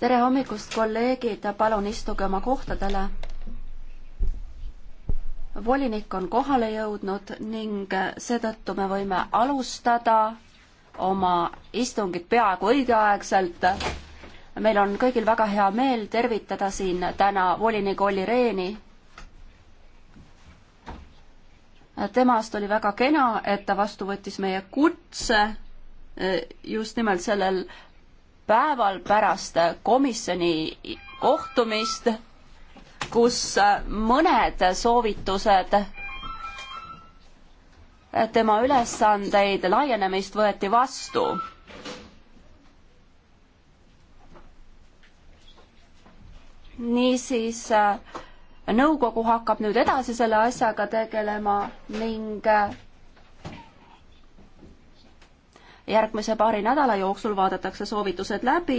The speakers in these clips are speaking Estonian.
tere hommikust, kolleegid, palun istuge oma kohtadele. volinik on kohale jõudnud ning seetõttu me võime alustada oma istungit peaaegu õigeaegselt. meil on kõigil väga hea meel tervitada siin täna volinik Olli Rehni temast oli väga kena, et ta vastu võttis meie kutse e, just nimelt sellel päeval pärast komisjoni kohtumist, kus mõned soovitused tema ülesandeid laienemist võeti vastu. niisiis äh, nõukogu hakkab nüüd edasi selle asjaga tegelema ning äh, järgmise paari nädala jooksul vaadatakse soovitused läbi,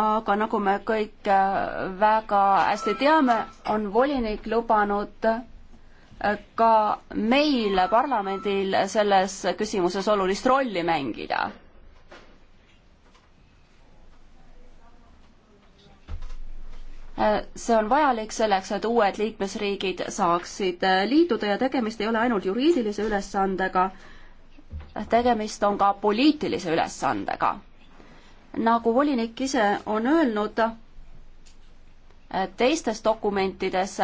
aga nagu me kõik äh, väga hästi teame, on volinik lubanud äh, ka meil parlamendil selles küsimuses olulist rolli mängida see on vajalik selleks, et uued liikmesriigid saaksid äh, liituda ja tegemist ei ole ainult juriidilise ülesandega, tegemist on ka poliitilise ülesandega. nagu volinik ise on öelnud, äh, teistes dokumentides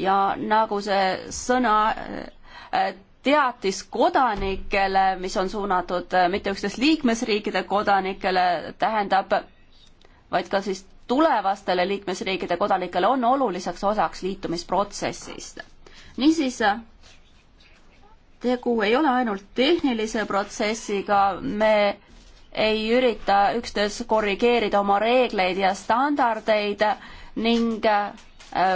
ja nagu see sõna äh, teatis kodanikele, mis on suunatud mitte üksnes liikmesriikide kodanikele, tähendab, vaid ka siis tulevastele liikmesriikide kodanikele on oluliseks osaks liitumisprotsessist. niisiis, tegu ei ole ainult tehnilise protsessiga, me ei ürita üksteis korrigeerida oma reegleid ja standardeid ning äh,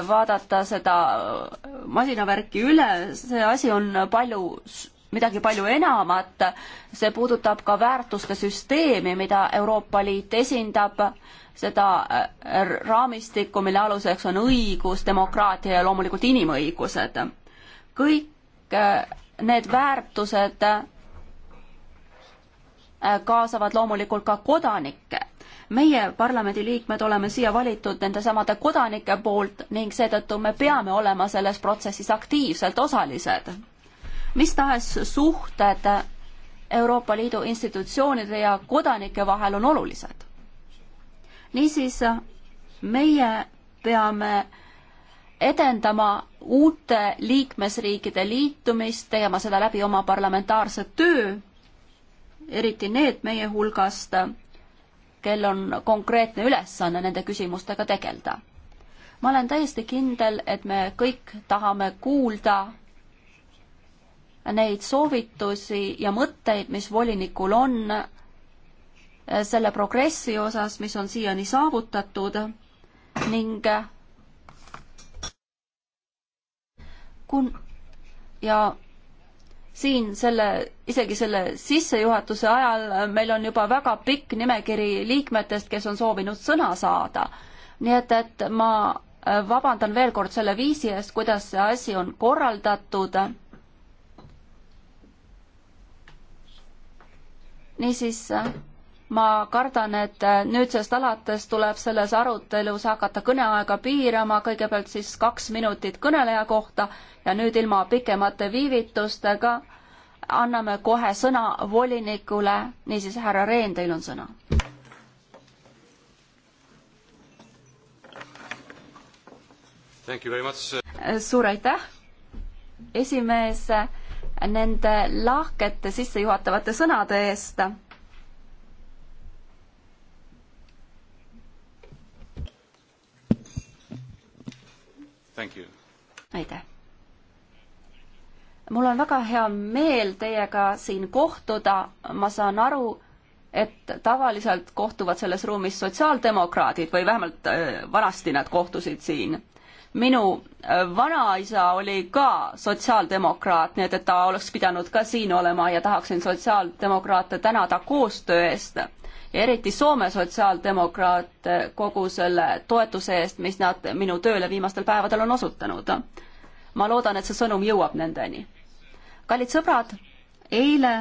vaadata seda äh, masinavärki üle, see asi on palju, midagi palju enamat. see puudutab ka väärtuste süsteemi, mida Euroopa Liit esindab seda äh, raamistikku, mille aluseks on õigus, demokraatia ja loomulikult inimõigused. kõik äh, need väärtused äh, kaasavad loomulikult ka kodanikke. meie parlamendiliikmed oleme siia valitud nendesamade kodanike poolt ning seetõttu me peame olema selles protsessis aktiivselt osalised. mis tahes suhted Euroopa Liidu institutsioonide ja kodanike vahel on olulised niisiis meie peame edendama uute liikmesriikide liitumist, tegema seda läbi oma parlamentaarse töö, eriti need meie hulgast, kel on konkreetne ülesanne nende küsimustega tegeleda. ma olen täiesti kindel, et me kõik tahame kuulda neid soovitusi ja mõtteid, mis volinikul on Äh, selle progressi osas, mis on siiani saavutatud ning kun- ja siin selle, isegi selle sissejuhatuse ajal meil on juba väga pikk nimekiri liikmetest, kes on soovinud sõna saada. nii et, et ma äh, vabandan veel kord selle viisi eest, kuidas see asi on korraldatud. niisiis äh, ma kardan, et äh, nüüdsest alates tuleb selles arutelus hakata kõneaega piirama, kõigepealt siis kaks minutit kõneleja kohta ja nüüd ilma pikemate viivitustega anname kohe sõna volinikule, niisiis, härra Rehn, teil on sõna. suur aitäh, esimees, nende lahkete sissejuhatavate sõnade eest aitäh! mul on väga hea meel teiega siin kohtuda, ma saan aru, et tavaliselt kohtuvad selles ruumis sotsiaaldemokraadid või vähemalt äh, vanasti nad kohtusid siin. minu äh, vanaisa oli ka sotsiaaldemokraat, nii et, et ta oleks pidanud ka siin olema ja tahaksin sotsiaaldemokraate tänada koostöö eest ja eriti Soome sotsiaaldemokraate eh, kogu selle toetuse eest, mis nad minu tööle viimastel päevadel on osutanud. ma loodan, et see sõnum jõuab nendeni. kallid sõbrad, eile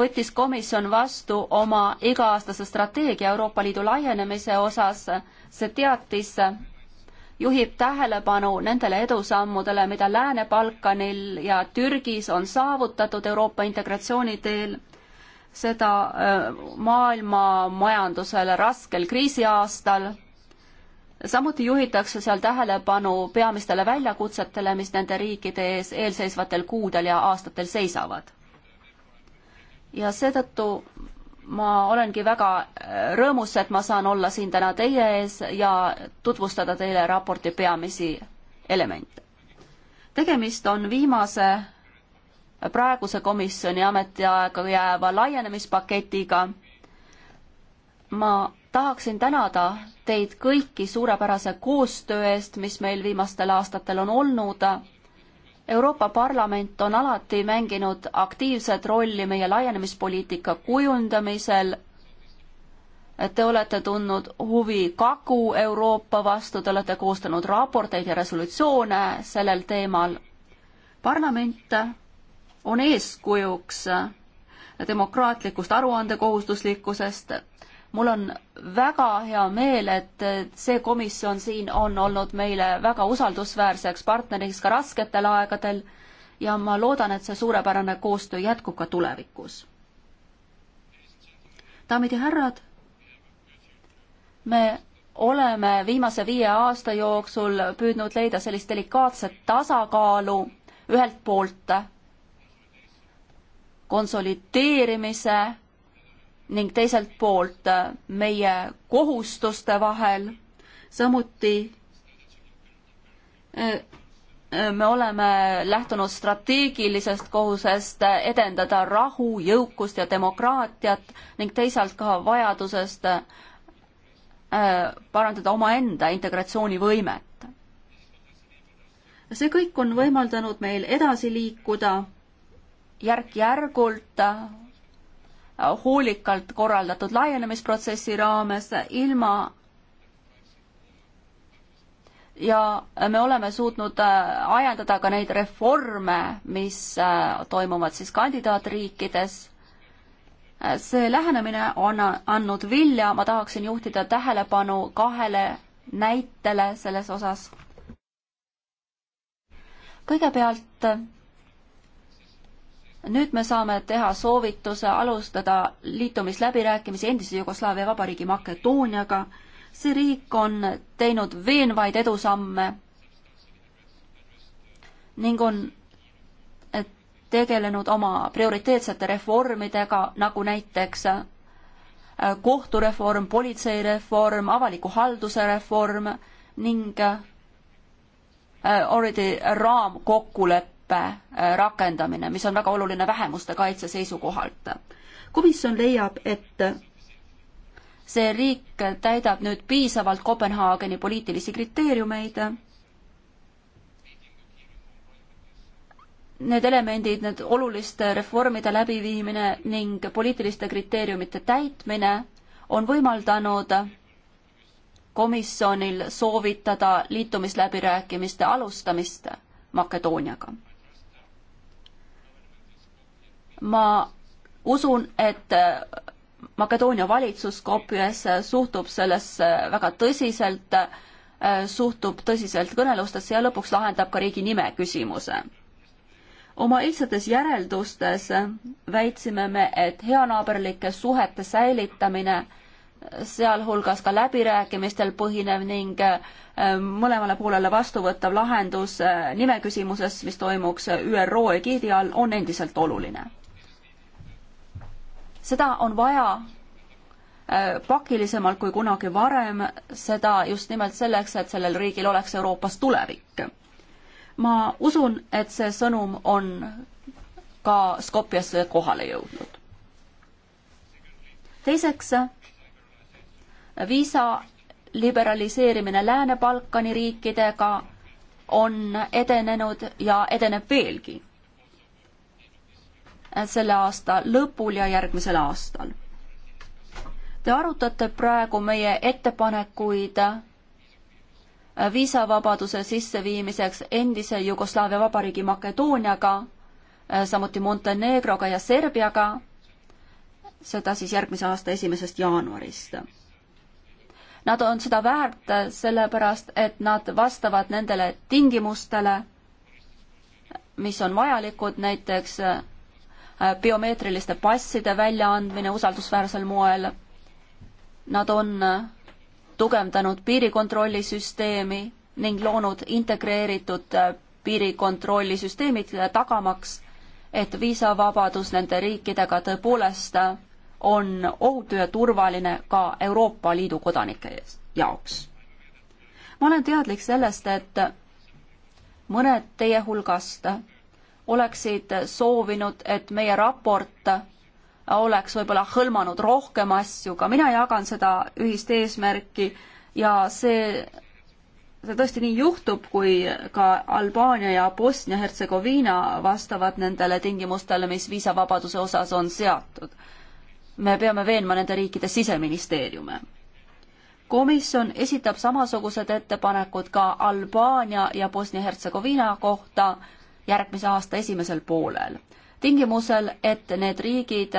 võttis komisjon vastu oma iga-aastase strateegia Euroopa Liidu laienemise osas. see teatis juhib tähelepanu nendele edusammudele, mida Lääne-Balkanil ja Türgis on saavutatud Euroopa integratsiooni teel seda äh, maailma majandusele raskel kriisiaastal. samuti juhitakse seal tähelepanu peamistele väljakutsetele, mis nende riikide ees eelseisvatel kuudel ja aastatel seisavad. ja seetõttu ma olengi väga äh, rõõmus, et ma saan olla siin täna teie ees ja tutvustada teile raporti peamisi elemente. tegemist on viimase praeguse komisjoni ametiaega jääva laienemispaketiga. ma tahaksin tänada teid kõiki suurepärase koostöö eest, mis meil viimastel aastatel on olnud. Euroopa Parlament on alati mänginud aktiivset rolli meie laienemispoliitika kujundamisel. Te olete tundnud huvi Kagu-Euroopa vastu, te olete koostanud raporteid ja resolutsioone sellel teemal. parlament on eeskujuks demokraatlikust aruandekohustuslikkusest. mul on väga hea meel, et see komisjon siin on olnud meile väga usaldusväärseks partneriks ka rasketel aegadel ja ma loodan, et see suurepärane koostöö jätkub ka tulevikus. daamid ja härrad, me oleme viimase viie aasta jooksul püüdnud leida sellist delikaatset tasakaalu ühelt poolt konsolideerimise ning teiselt poolt äh, meie kohustuste vahel, samuti äh, äh, me oleme lähtunud strateegilisest kohusest edendada rahu, jõukust ja demokraatiat ning teisalt ka vajadusest parandada omaenda integratsioonivõimet. see kõik on võimaldanud meil edasi liikuda järk-järgult äh, hoolikalt korraldatud laienemisprotsessi raames ilma ja me oleme suutnud äh, ajendada ka neid reforme, mis äh, toimuvad siis kandidaatriikides. see lähenemine on andnud vilja, ma tahaksin juhtida tähelepanu kahele näitele selles osas. kõigepealt nüüd me saame teha soovituse alustada liitumisläbirääkimisi endise Jugoslaavia vabariigi Makedooniaga. see riik on teinud veenvaid edusamme ning on tegelenud oma prioriteetsete reformidega, nagu näiteks äh, kohtureform, politseireform, avaliku halduse reform ning äh, already raamkokkulepe leppe äh, rakendamine, mis on väga oluline vähemuste kaitse seisukohalt. komisjon leiab, et see riik täidab nüüd piisavalt Kopenhaageni poliitilisi kriteeriumeid. Need elemendid, need oluliste reformide läbiviimine ning poliitiliste kriteeriumite täitmine on võimaldanud komisjonil soovitada liitumisläbirääkimiste alustamist Makedooniaga ma usun, et äh, Makedoonia valitsus Skopjes äh, suhtub sellesse äh, väga tõsiselt, suhtub tõsiselt kõnelustesse ja lõpuks lahendab ka riigi nime küsimuse. oma eilsetes järeldustes väitsime me, et heanaaberlike suhete säilitamine sealhulgas ka läbirääkimistel põhinev ning mõlemale poolele vastuvõtav lahendus nimeküsimuses, mis toimuks ÜRO egiidi all, on endiselt oluline seda on vaja äh, pakilisemalt kui kunagi varem, seda just nimelt selleks, et sellel riigil oleks Euroopas tulevik. ma usun, et see sõnum on ka Skopjasse kohale jõudnud. teiseks, viisa liberaliseerimine Lääne-Balkani riikidega on edenenud ja edeneb veelgi selle aasta lõpul ja järgmisel aastal. Te arutate praegu meie ettepanekuid viisavabaduse sisseviimiseks endise Jugoslaavia vabariigi Makedooniaga, samuti Montenegroga ja Serbiaga, seda siis järgmise aasta esimesest jaanuarist. Nad on seda väärt sellepärast, et nad vastavad nendele tingimustele, mis on vajalikud näiteks biomeetriliste passide väljaandmine usaldusväärsel moel. Nad on tugevdanud piirikontrollisüsteemi ning loonud integreeritud piirikontrollisüsteemid, tagamaks, et viisavabadus nende riikidega tõepoolest on ohutu ja turvaline ka Euroopa Liidu kodanike jaoks. ma olen teadlik sellest, et mõned teie hulgast oleksid soovinud, et meie raport oleks võib-olla hõlmanud rohkem asju, ka mina jagan seda ühist eesmärki ja see, see tõesti nii juhtub, kui ka Albaania ja Bosnia-Hertsegoviina vastavad nendele tingimustele, mis viisavabaduse osas on seatud. me peame veenma nende riikide siseministeeriume. komisjon esitab samasugused ettepanekud ka Albaania ja Bosnia-Hertsegoviina kohta järgmise aasta esimesel poolel. tingimusel, et need riigid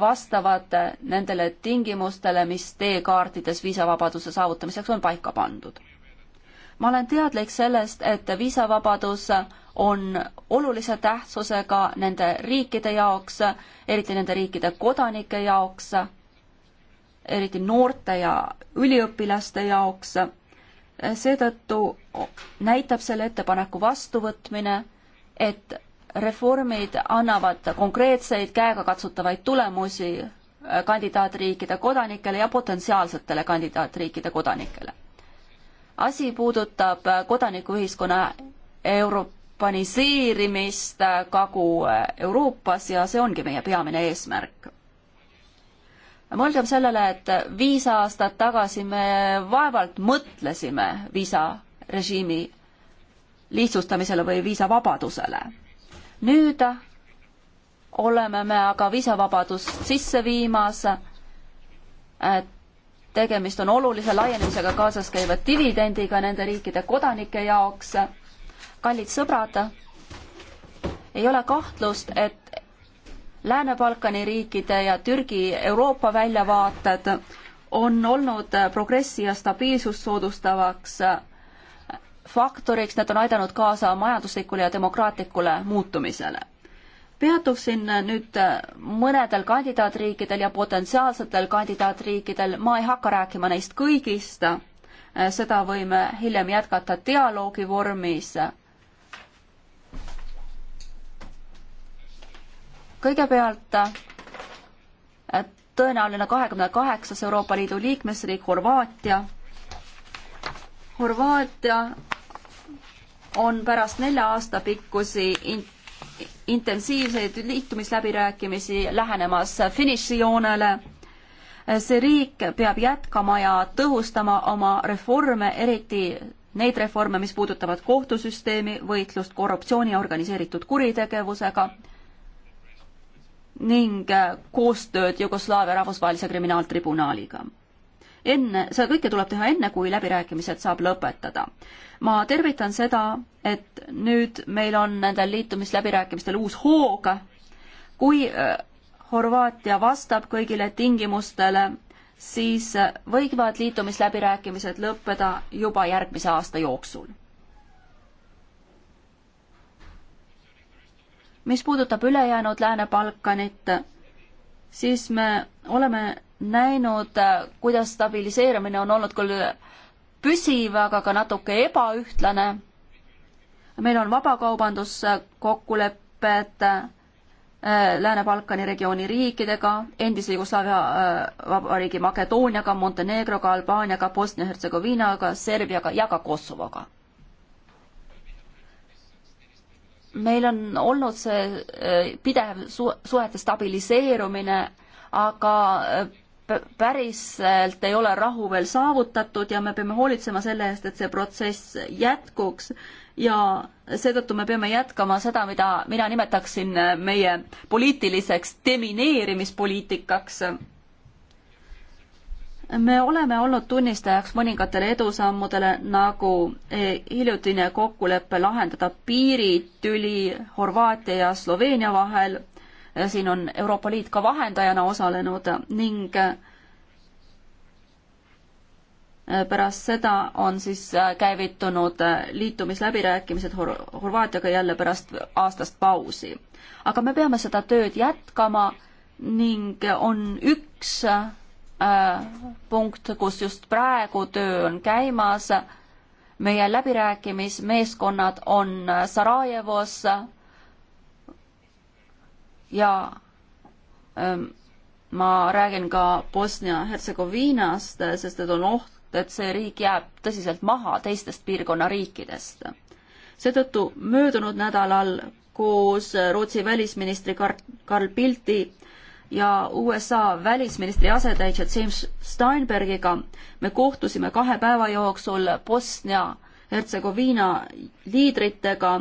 vastavad nendele tingimustele, mis teekaartides viisavabaduse saavutamiseks on paika pandud. ma olen teadlik sellest, et viisavabadus on olulise tähtsusega nende riikide jaoks, eriti nende riikide kodanike jaoks, eriti noorte ja üliõpilaste jaoks. seetõttu näitab selle ettepaneku vastuvõtmine et reformid annavad konkreetseid käegakatsutavaid tulemusi äh, kandidaatriikide kodanikele ja potentsiaalsetele kandidaatriikide kodanikele. asi puudutab äh, kodanikuühiskonna europaniseerimist äh, Kagu-Euroopas ja see ongi meie peamine eesmärk. mõelgem sellele, et viis aastat tagasi me vaevalt mõtlesime viisarežiimi lihtsustamisele või viisavabadusele. nüüd oleme me aga viisavabadust sisse viimas, tegemist on olulise laienemisega kaasas käiva dividendiga nende riikide kodanike jaoks. kallid sõbrad, ei ole kahtlust, et Lääne-Balkani riikide ja Türgi Euroopa väljavaated on olnud progressi ja stabiilsust soodustavaks faktoriks, nad on aidanud kaasa majanduslikule ja demokraatlikule muutumisele. peatuksin nüüd äh, mõnedel kandidaatriikidel ja potentsiaalsetel kandidaatriikidel, ma ei hakka rääkima neist kõigist, äh, seda võime hiljem jätkata dialoogi vormis. kõigepealt äh, tõenäoline kahekümne kaheksas Euroopa Liidu liikmesriik Horvaatia Horvaatia on pärast nelja aasta pikkusi in intensiivseid liitumisläbirääkimisi lähenemas finišijoonele. see riik peab jätkama ja tõhustama oma reforme, eriti neid reforme, mis puudutavad kohtusüsteemi, võitlust korruptsiooni ja organiseeritud kuritegevusega ning koostööd Jugoslaavia rahvusvahelise kriminaaltribunaaliga enne, seda kõike tuleb teha enne, kui läbirääkimised saab lõpetada. ma tervitan seda, et nüüd meil on nendel liitumisläbirääkimistel uus hoog, kui äh, Horvaatia vastab kõigile tingimustele, siis äh, võivad liitumisläbirääkimised lõppeda juba järgmise aasta jooksul. mis puudutab ülejäänud Lääne-Balkanit, siis me oleme näinud, kuidas stabiliseerimine on olnud küll püsiv, aga ka natuke ebaühtlane. meil on vabakaubanduskokkulepped äh, Lääne-Balkani regiooni riikidega, endise Jugoslaavia äh, vabariigi Makedooniaga, Montenegroga, Albaaniaga, Bosnia-Hertsegoviinaga, Serbiaga ja ka Kosovoga. meil on olnud see äh, pidev su suhete stabiliseerumine, aga päriselt ei ole rahu veel saavutatud ja me peame hoolitsema selle eest, et see protsess jätkuks ja seetõttu me peame jätkama seda, mida mina nimetaksin meie poliitiliseks demineerimispoliitikaks. me oleme olnud tunnistajaks mõningatele edusammudele, nagu hiljutine kokkulepe lahendada piiritüli Horvaatia ja Sloveenia vahel siin on Euroopa Liit ka vahendajana osalenud ning äh, pärast seda on siis äh, käivitunud äh, liitumisläbirääkimised Hor Horvaatiaga jälle pärast aastast pausi. aga me peame seda tööd jätkama ning on üks punkt, kus just praegu töö on käimas. meie läbirääkimismeeskonnad on Sarajevos, ja ähm, ma räägin ka Bosnia-Hertsegoviinast, äh, sest et on oht, et see riik jääb tõsiselt maha teistest piirkonna riikidest. seetõttu möödunud nädalal koos äh, Rootsi välisministri Kar-, Karl Pilti ja USA välisministri asetäitja James Steinbergiga me kohtusime kahe päeva jooksul Bosnia-Hertsegoviina liidritega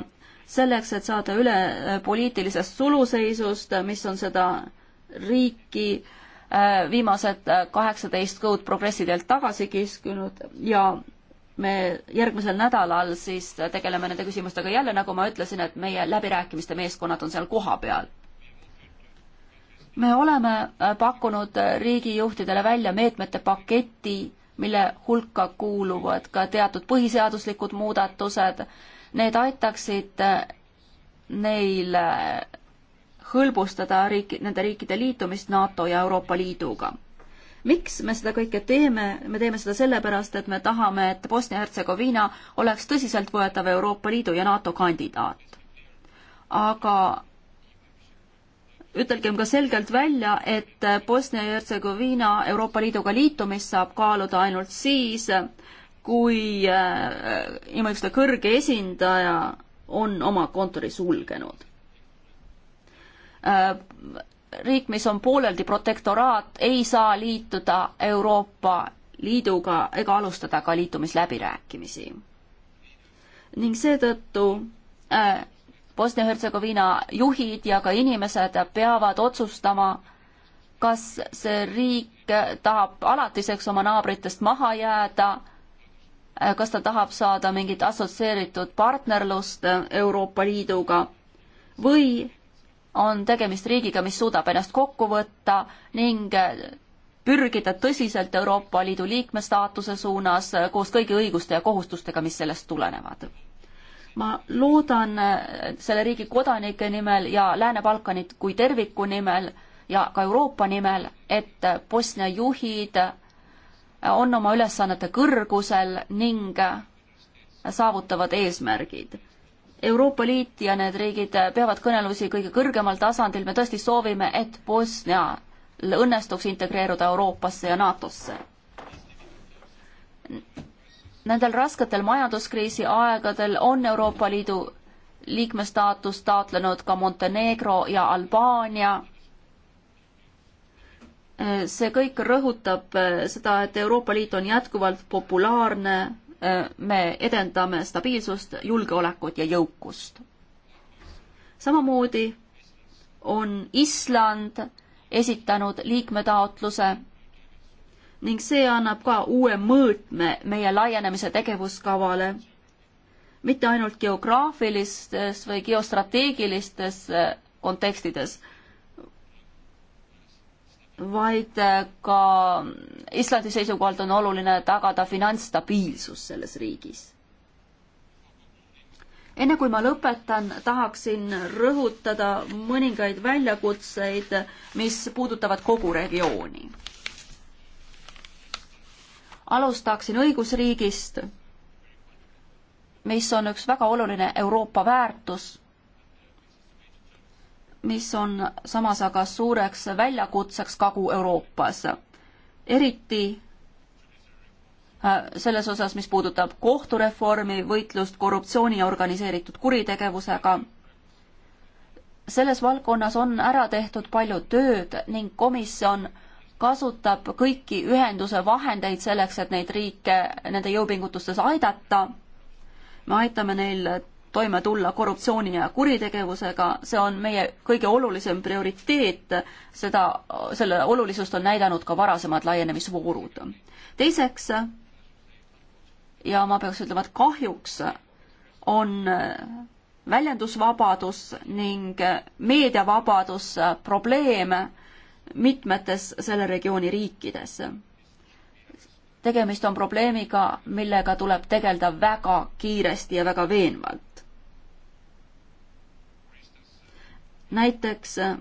selleks, et saada üle äh, poliitilisest suluseisust, mis on seda riiki äh, viimased äh, kaheksateist kuud progressi teelt tagasi kiskunud ja me järgmisel nädalal siis tegeleme nende küsimustega jälle, nagu ma ütlesin, et meie läbirääkimiste meeskonnad on seal kohapeal me oleme pakkunud riigijuhtidele välja meetmete paketi, mille hulka kuuluvad ka teatud põhiseaduslikud muudatused Need aitaksid äh, neil äh, hõlbustada riiki, nende riikide liitumist NATO ja Euroopa Liiduga. miks me seda kõike teeme, me teeme seda sellepärast, et me tahame, et Bosnia-Hertsegoviina oleks tõsiseltvõetav Euroopa Liidu ja NATO kandidaat. aga ütelgem ka selgelt välja, et Bosnia-Hertsegoviina Euroopa Liiduga liitumist saab kaaluda ainult siis, kui äh, inimõiguste kõrge esindaja on oma kontori sulgenud. Äh, riik, mis on pooleldi protektoraat, ei saa liituda Euroopa Liiduga ega alustada ka liitumisläbirääkimisi. ning seetõttu äh, Bosnia-Hertsegoviina juhid ja ka inimesed peavad otsustama, kas see riik tahab alatiseks oma naabritest maha jääda Äh, kas ta tahab saada mingit assotsieeritud partnerlust äh, Euroopa Liiduga või on tegemist riigiga, mis suudab ennast kokku võtta ning äh, pürgida tõsiselt Euroopa Liidu liikme staatuse suunas koos kõigi õiguste ja kohustustega, mis sellest tulenevad. ma loodan selle riigi kodanike nimel ja Lääne-Balkanit kui terviku nimel ja ka Euroopa nimel, et Bosnia juhid on oma ülesannete kõrgusel ning saavutavad eesmärgid. Euroopa Liit ja need riigid peavad kõnelusi kõige kõrgemal tasandil, me tõesti soovime, et Bosnial õnnestuks integreeruda Euroopasse ja NATO-sse. Nendel rasketel majanduskriisi aegadel on Euroopa Liidu liikmestaatus taotlenud ka Montenegro ja Albaania see kõik rõhutab äh, seda, et Euroopa Liit on jätkuvalt populaarne, äh, me edendame stabiilsust, julgeolekut ja jõukust. samamoodi on Island esitanud liikmetaotluse ning see annab ka uue mõõtme meie laienemise tegevuskavale. mitte ainult geograafilistes või geostrateegilistes äh, kontekstides vaid äh, ka Islandi seisukohalt on oluline tagada finantsstabiilsus selles riigis. enne kui ma lõpetan, tahaksin rõhutada mõningaid väljakutseid, mis puudutavad kogu regiooni. alustaksin õigusriigist, mis on üks väga oluline Euroopa väärtus mis on samas aga suureks väljakutseks Kagu-Euroopas. eriti äh, selles osas, mis puudutab kohtureformi, võitlust korruptsiooni ja organiseeritud kuritegevusega. selles valdkonnas on ära tehtud palju tööd ning komisjon kasutab kõiki ühenduse vahendeid selleks, et neid riike nende jõupingutustes aidata. me aitame neil toime tulla korruptsiooni ja kuritegevusega, see on meie kõige olulisem prioriteet, seda, selle olulisust on näidanud ka varasemad laienemisvoorud. teiseks, ja ma peaks ütlema, et kahjuks on väljendusvabadus ning meediavabadus probleem mitmetes selle regiooni riikides tegemist on probleemiga, millega tuleb tegeleda väga kiiresti ja väga veenvalt. näiteks äh,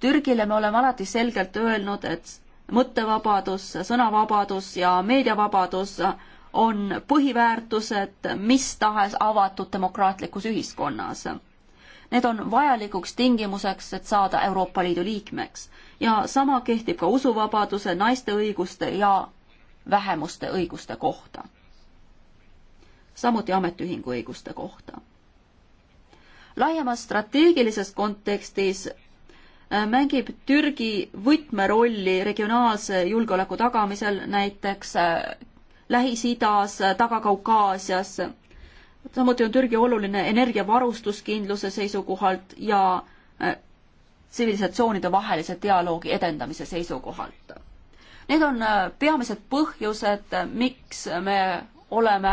Türgile me oleme alati selgelt öelnud, et mõttevabadus, sõnavabadus ja meediavabadus on põhiväärtused mis tahes avatud demokraatlikus ühiskonnas. Need on vajalikuks tingimuseks, et saada Euroopa Liidu liikmeks ja sama kehtib ka usuvabaduse, naiste õiguste ja vähemuste õiguste kohta. samuti ametiühingu õiguste kohta laiemas strateegilises kontekstis äh, mängib Türgi võtmerolli regionaalse julgeoleku tagamisel näiteks äh, Lähis-Idas, äh, Taga-Kaukaasias. samuti on Türgi oluline energiavarustuskindluse seisukohalt ja tsivilisatsioonide vahelise dialoogi edendamise seisukohalt. Need on peamised põhjused, miks me oleme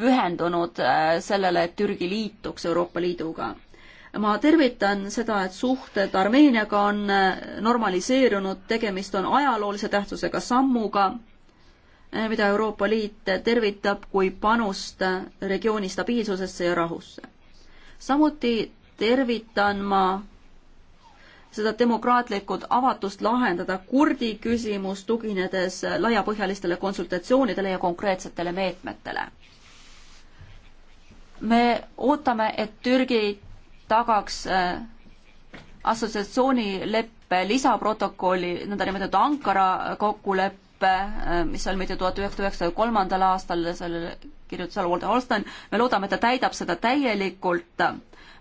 pühendunud äh, sellele, et Türgi liituks Euroopa Liiduga. ma tervitan seda, et suhted Armeeniaga on äh, normaliseerunud, tegemist on ajaloolise tähtsusega sammuga, äh, mida Euroopa Liit tervitab kui panust regiooni stabiilsusesse ja rahusse. samuti tervitan ma seda demokraatlikult avatust lahendada kurdi küsimus, tuginedes laiapõhjalistele konsultatsioonidele ja konkreetsetele meetmetele me ootame, et Türgi tagaks äh, assotsiatsioonileppe lisaprotokolli, nõndanimetatud Ankara kokkuleppe, äh, mis sõlmiti tuhat üheksasada üheksakümne kolmandal aastal, sellele kirjutas Alvar Holstein, me loodame, et ta täidab seda täielikult.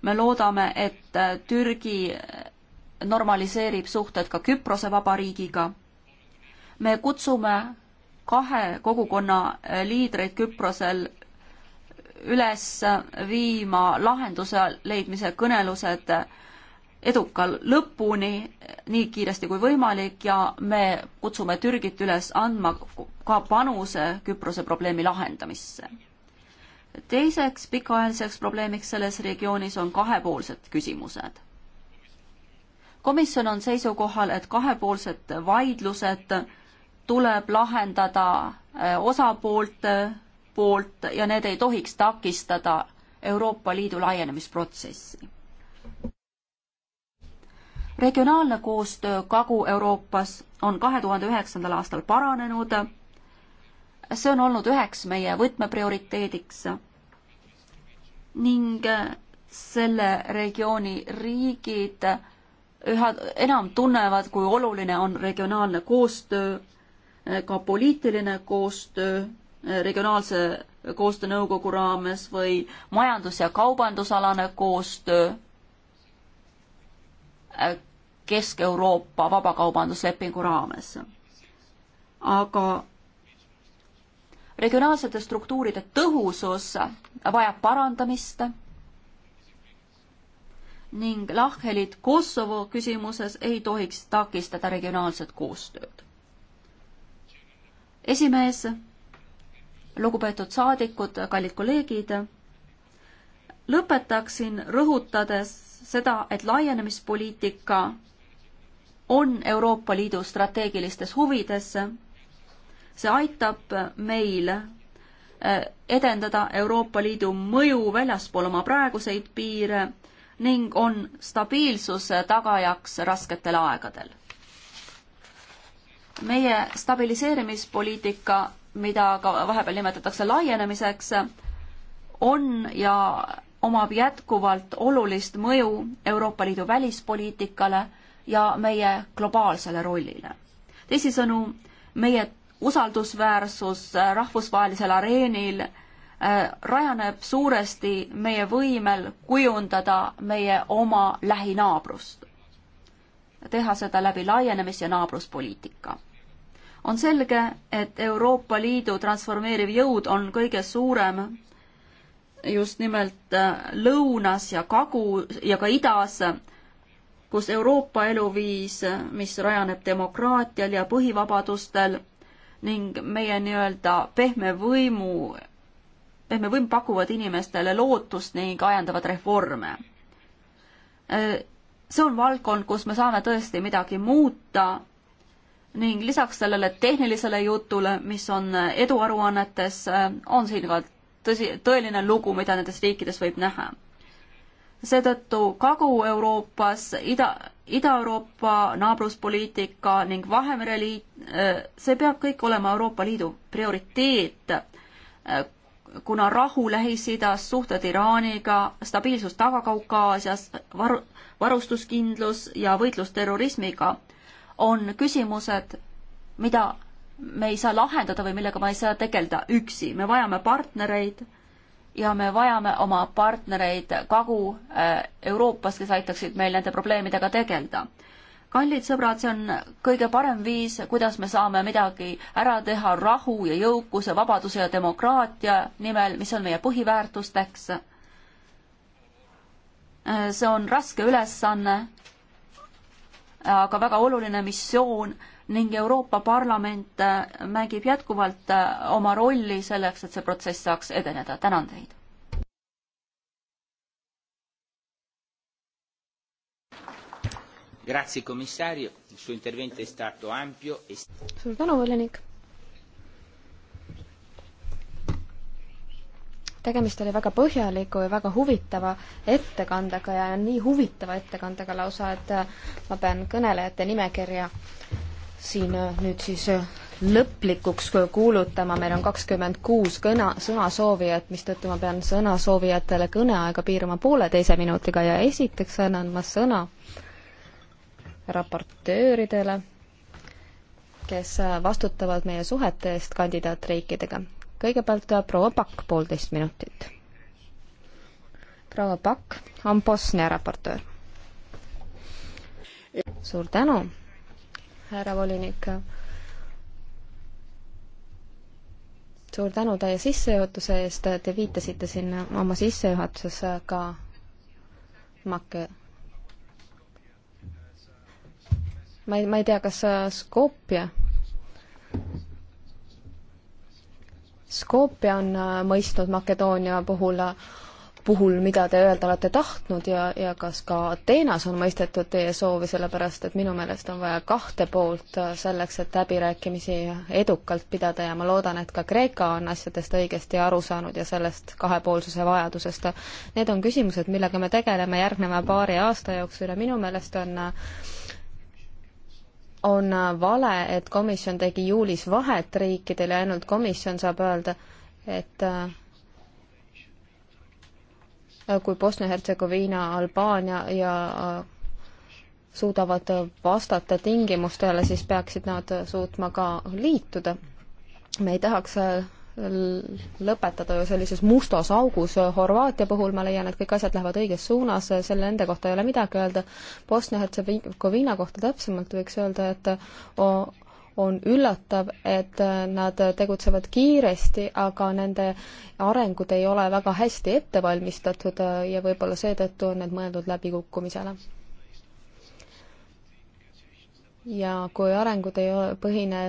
me loodame, et äh, Türgi normaliseerib suhted ka Küprose vabariigiga. me kutsume kahe kogukonna liidreid Küprosel üles viima lahenduse leidmise kõnelused eduka lõpuni, nii kiiresti kui võimalik ja me kutsume Türgit üles andma ka panuse Küprose probleemi lahendamisse. teiseks pikaajaliseks probleemiks selles regioonis on kahepoolsed küsimused. komisjon on seisukohal, et kahepoolsed vaidlused tuleb lahendada eh, osapoolte poolt ja need ei tohiks takistada Euroopa Liidu laienemisprotsessi. regionaalne koostöö Kagu-Euroopas on kahe tuhande üheksandal aastal paranenud. see on olnud üheks meie võtmeprioriteediks ning selle regiooni riigid üha enam tunnevad, kui oluline on regionaalne koostöö, ka poliitiline koostöö regionaalse koostöönõukogu raames või majandus- ja kaubandusalane koostöö äh, Kesk-Euroopa vabakaubanduslepingu raames. aga regionaalsete struktuuride tõhusus vajab parandamist ning lahkhelid Kosovo küsimuses ei tohiks takistada regionaalset koostööd. esimees lugupeetud saadikud, kallid kolleegid, lõpetaksin rõhutades seda, et laienemispoliitika on Euroopa Liidu strateegilistes huvides. see aitab meil äh, edendada Euroopa Liidu mõju väljaspool oma praeguseid piire ning on stabiilsuse tagajaks rasketel aegadel. meie stabiliseerimispoliitika mida ka vahepeal nimetatakse laienemiseks, on ja omab jätkuvalt olulist mõju Euroopa Liidu välispoliitikale ja meie globaalsele rollile. teisisõnu, meie usaldusväärsus äh, rahvusvahelisel areenil äh, rajaneb suuresti meie võimel kujundada meie oma lähinaabrust. teha seda läbi laienemis- ja naabruspoliitika on selge, et Euroopa Liidu transformeeriv jõud on kõige suurem just nimelt äh, lõunas ja kagu ja ka idas, kus Euroopa eluviis, mis rajaneb demokraatial ja põhivabadustel ning meie nii-öelda pehme võimu, pehme võim pakuvad inimestele lootust ning ajendavad reforme. Äh, see on valdkond, kus me saame tõesti midagi muuta ning lisaks sellele tehnilisele jutule, mis on eduaruannetes, on siin ka tõsi, tõeline lugu, mida nendes riikides võib näha. seetõttu Kagu-Euroopas, Ida, Ida-Euroopa naabruspoliitika ning Vahemere liit, äh, see peab kõik olema Euroopa Liidu prioriteet, äh, kuna rahu Lähis-Idas, suhted Iraaniga, stabiilsus Taga-Kaukaasias, varu, varustuskindlus ja võitlus terrorismiga on küsimused, mida me ei saa lahendada või millega ma ei saa tegeleda üksi, me vajame partnereid ja me vajame oma partnereid Kagu-Euroopas, äh, kes aitaksid meil nende probleemidega tegeleda. kallid sõbrad, see on kõige parem viis, kuidas me saame midagi ära teha rahu ja jõukuse, vabaduse ja demokraatia nimel, mis on meie põhiväärtusteks. Äh, see on raske ülesanne aga väga oluline missioon ning Euroopa Parlament äh, mängib jätkuvalt äh, oma rolli selleks, et see protsess saaks edeneda. tänan teid. E suur tänu, volinik. tegemist oli väga põhjaliku ja väga huvitava ettekandega ja nii huvitava ettekandega lausa, et äh, ma pean kõnelejate nimekirja siin äh, nüüd siis äh, lõplikuks kuulutama, meil on kakskümmend kuus kõna, sõnasoovijat, mistõttu ma pean sõnasoovijatele kõneaega piirama pooleteise minutiga ja esiteks annan ma sõna raportööridele, kes vastutavad meie suhete eest kandidaatriikidega kõigepealt äh, proua Pakk, poolteist minutit. proua Pakk on Bosnia raportöör. suur tänu, härra volinik. suur tänu teie sissejuhatuse eest, te viitasite siin oma sissejuhatuses ka Make-, ma ei, ma ei tea, kas Skopje Skopje on äh, mõistnud Makedoonia puhul, puhul, mida te öelda olete tahtnud ja, ja kas ka Ateenas on mõistetud teie soovi, sellepärast et minu meelest on vaja kahte poolt äh, selleks, et läbirääkimisi edukalt pidada ja ma loodan, et ka Kreeka on asjadest õigesti aru saanud ja sellest kahepoolsuse vajadusest. Need on küsimused, millega me tegeleme järgneva paari aasta jooksul ja minu meelest on äh, on vale, et komisjon tegi juulis vahet riikidel ja ainult komisjon saab öelda, et äh, kui Bosnia-Hertsegoviina, Albaania ja äh, suudavad vastata tingimustele, siis peaksid nad suutma ka liituda. me ei tahaks äh, lõpetada ju sellises mustas augus. Horvaatia puhul ma leian, et kõik asjad lähevad õiges suunas, selle enda kohta ei ole midagi öelda. Bosnia-Hertsegoviina kohta täpsemalt võiks öelda, et on üllatav, et nad tegutsevad kiiresti, aga nende arengud ei ole väga hästi ette valmistatud ja võib-olla seetõttu on need mõeldud läbikukkumisele ja kui arengud ei ole, põhine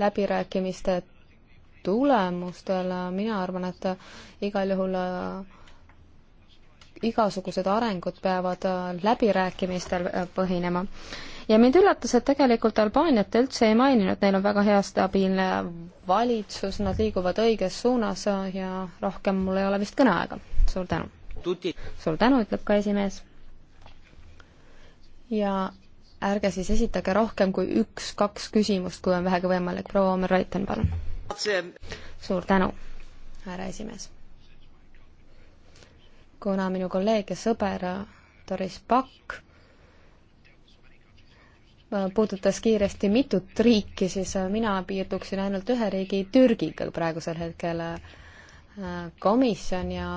läbirääkimiste tulemustel, mina arvan, et igal juhul äh, igasugused arengud peavad äh, läbirääkimistel äh, põhinema. ja mind üllatas, et tegelikult Albaaniat üldse ei maininud, neil on väga hea stabiilne valitsus, nad liiguvad õiges suunas ja rohkem mul ei ole vist kõneaega. suur tänu! suur tänu, ütleb ka esimees. ja ärge siis esitage rohkem kui üks-kaks küsimust, kui on vähegi võimalik. proua Omer Raiten, palun! suur tänu, härra esimees. kuna minu kolleeg ja sõber Doris Pakk puudutas kiiresti mitut riiki, siis mina piirduksin ainult ühe riigi, Türgiga praegusel hetkel. komisjon ja,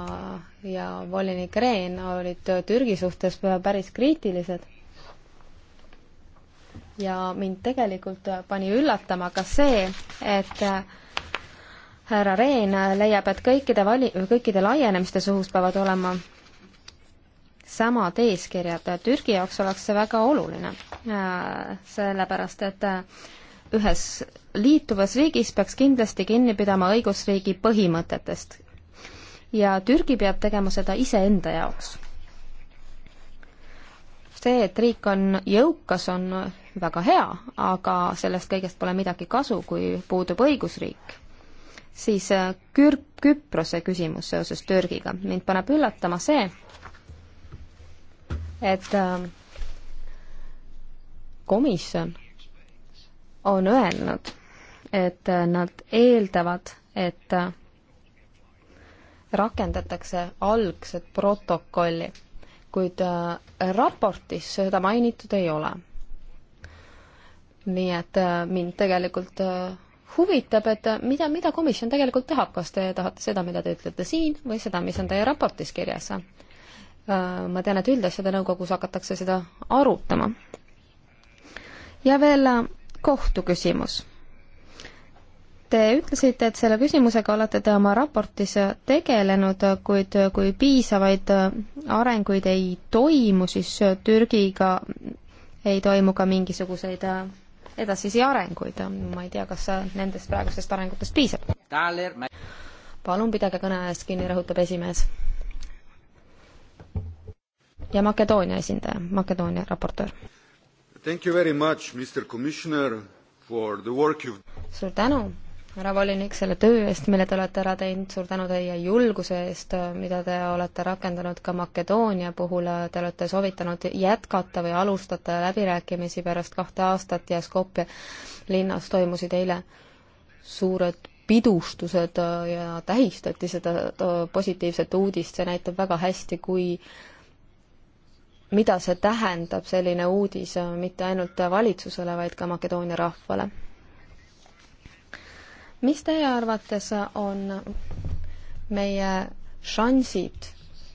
ja volinik Rehn olid Türgi suhtes päris kriitilised ja mind tegelikult pani üllatama ka see, et äh, härra Rehn leiab, et kõikide vali-, kõikide laienemiste suhus peavad olema samad eeskirjad. Türgi jaoks oleks see väga oluline, äh, sellepärast et äh, ühes liituvas riigis peaks kindlasti kinni pidama õigusriigi põhimõtetest. ja Türgi peab tegema seda iseenda jaoks. see, et riik on jõukas, on väga hea, aga sellest kõigest pole midagi kasu, kui puudub õigusriik. siis äh, Kür-, Küprose küsimus seoses Türgiga. mind paneb üllatama see, et ähm, komisjon on öelnud, et äh, nad eeldavad, et äh, rakendatakse algset protokolli, kuid raportis seda mainitud ei ole nii et äh, mind tegelikult äh, huvitab, et äh, mida, mida komisjon tegelikult tahab, kas te tahate seda, mida te ütlete siin või seda, mis on teie raportis kirjas? ma tean, et üldasjade nõukogus hakatakse seda arutama. ja veel kohtu küsimus. Te ütlesite, et selle küsimusega olete te oma raportis tegelenud, kuid kui piisavaid arenguid ei toimu, siis Türgiga ei toimu ka mingisuguseid edasisi arenguid. ma ei tea, kas nendest praegustest arengutest piisab. palun pidage kõne eest kinni, rõhutab esimees. ja Makedoonia esindaja, Makedoonia raportöör. Thank you very much, Mr Commissioner, for the work you suur tänu, härra volinik, selle töö eest, mille te olete ära teinud, suur tänu teie julguse eest, äh, mida te olete rakendanud ka Makedoonia puhul, äh, te olete soovitanud jätkata või alustada läbirääkimisi pärast kahte aastat ja Skopje linnas toimusid eile suured pidustused äh, ja tähistati seda positiivset uudist, see näitab väga hästi, kui mida see tähendab, selline uudis, mitte ainult valitsusele, vaid ka Makedoonia rahvale mis teie arvates on meie šansid,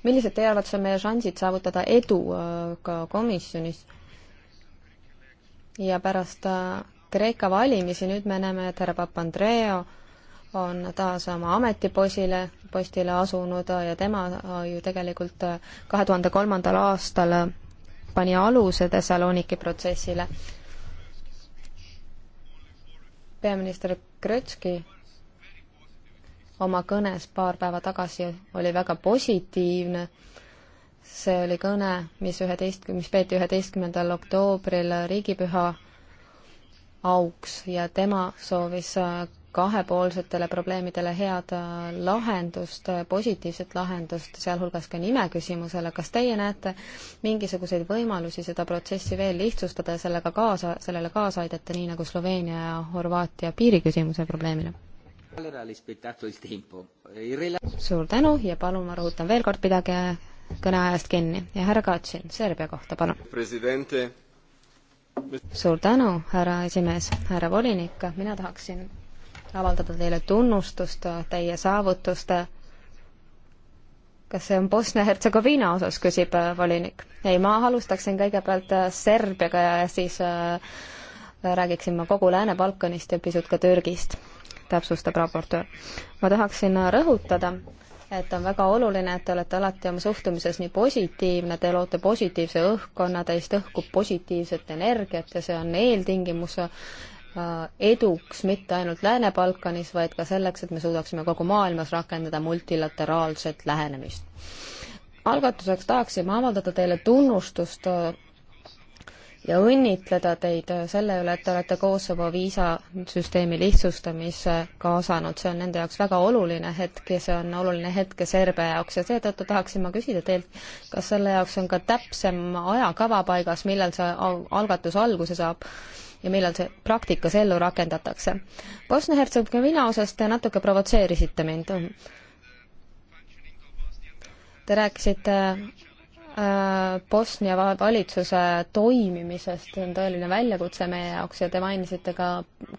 millised teie arvates on meie šansid saavutada edu äh, ka komisjonis? ja pärast äh, Kreeka valimisi nüüd me näeme, et härra Papandreou on taas oma ametiposile, postile asunud äh, ja tema ju tegelikult kahe tuhande kolmandal aastal pani aluse Thessaloniki protsessile peaminister Krõtski oma kõnes paar päeva tagasi oli väga positiivne. see oli kõne, mis üheteist, mis peeti üheteistkümnendal oktoobril riigipüha auks ja tema soovis kahepoolsetele probleemidele head äh, lahendust, äh, positiivset lahendust, sealhulgas ka nime küsimusele, kas teie näete mingisuguseid võimalusi seda protsessi veel lihtsustada ja sellega kaasa, sellele kaasa aidata, nii nagu Sloveenia ja Horvaatia piiriküsimuse probleemile? suur tänu ja palun, ma rõhutan veel kord, pidage kõneajast kinni ja härra Katsin, Serbia kohta, palun. suur tänu, härra esimees, härra volinik, mina tahaksin avaldada teile tunnustust teie saavutuste kas see on Bosnia-Hertsegoviina osas, küsib äh, volinik. ei, ma alustaksin kõigepealt äh, Serbiaga ja siis äh, räägiksin ma kogu Lääne-Balkanist ja pisut ka Türgist, täpsustab raportöör. ma tahaksin rõhutada, et on väga oluline, et te olete alati oma suhtumises nii positiivne, te loote positiivse õhkkonna, teist õhkub positiivset energiat ja see on eeltingimus Äh, eduks mitte ainult Lääne-Balkanis, vaid ka selleks, et me suudaksime kogu maailmas rakendada multilateraalset lähenemist. algatuseks tahaksime avaldada teile tunnustust äh, ja õnnitleda teid äh, selle üle, et te olete Kosovo viisasüsteemi lihtsustamisse kaasanud, see on nende jaoks väga oluline hetk ja see on oluline hetk ka Serbia jaoks ja seetõttu tahaksin ma küsida teilt, kas selle jaoks on ka täpsem ajakava paigas, millal see algatus alguse saab ja millal see praktikas ellu rakendatakse. Bosnia-Hertsegovina osas te natuke provotseerisite mind. Te rääkisite äh, Bosnia valitsuse toimimisest, see on tõeline väljakutse meie jaoks ja te mainisite ka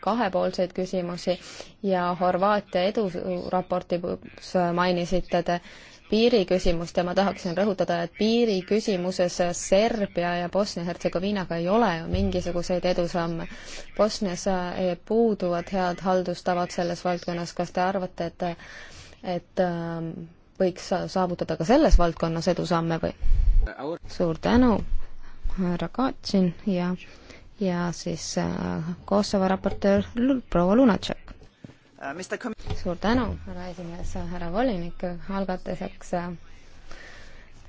kahepoolseid küsimusi ja Horvaatia eduraportis mainisite te piiriküsimust ja ma tahaksin rõhutada, et piiriküsimuses Serbia ja Bosnia-Hertsegoviinaga ei ole ju mingisuguseid edusamme. Bosnias eh, puuduvad head haldustavad selles valdkonnas, kas te arvate, et et ähm, võiks saavutada ka selles valdkonnas edusamme või? suur tänu, härra Katsin ja ja siis äh, Kosovo raportöör proua Lunatšek. Uh, suur tänu, härra esimees, härra volinik, algatuseks äh,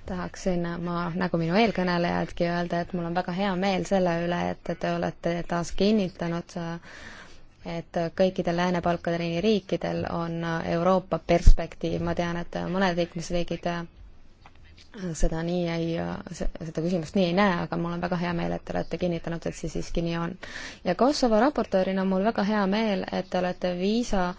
tahaksin äh, ma, nagu minu eelkõnelejadki, öelda, et mul on väga hea meel selle üle, et te olete taas kinnitanud, äh, et kõikidel Lääne-Balkani riikidel on Euroopa perspektiiv, ma tean, et mõned liikmesriigid seda nii ei, seda küsimust nii ei näe, aga mul on väga hea meel, et te olete kinnitanud, et see siiski nii on. ja Kosovo raportöörina on mul väga hea meel, et te olete viisa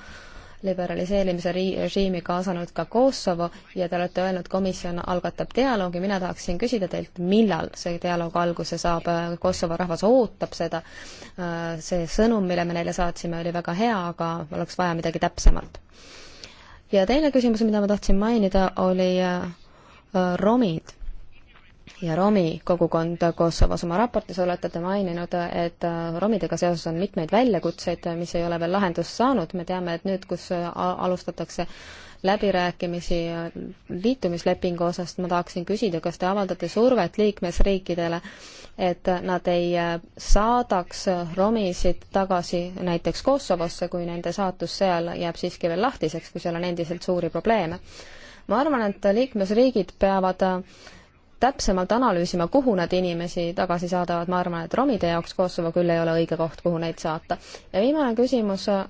liberaliseerimise režiimi kaasanud ka Kosovo ja te olete öelnud, komisjon algatab dialoogi, mina tahaksin küsida teilt, millal see dialoog alguse saab, Kosovo rahvas ootab seda, see sõnum, mille me neile saatsime, oli väga hea, aga oleks vaja midagi täpsemalt. ja teine küsimus, mida ma tahtsin mainida, oli Äh, romid ja romi kogukond Kosovos. oma raportis olete te maininud, et äh, romidega seoses on mitmeid väljakutseid, mis ei ole veel lahendust saanud, me teame, et nüüd, kus äh, alustatakse läbirääkimisi liitumislepingu osas, ma tahaksin küsida, kas te avaldate survet liikmesriikidele, et nad ei saadaks romisid tagasi näiteks Kosovosse, kui nende saatus seal jääb siiski veel lahtiseks, kui seal on endiselt suuri probleeme ma arvan, et liikmesriigid peavad äh, täpsemalt analüüsima, kuhu nad inimesi tagasi saadavad, ma arvan, et romide jaoks Kosovo küll ei ole õige koht, kuhu neid saata. ja viimane küsimus äh,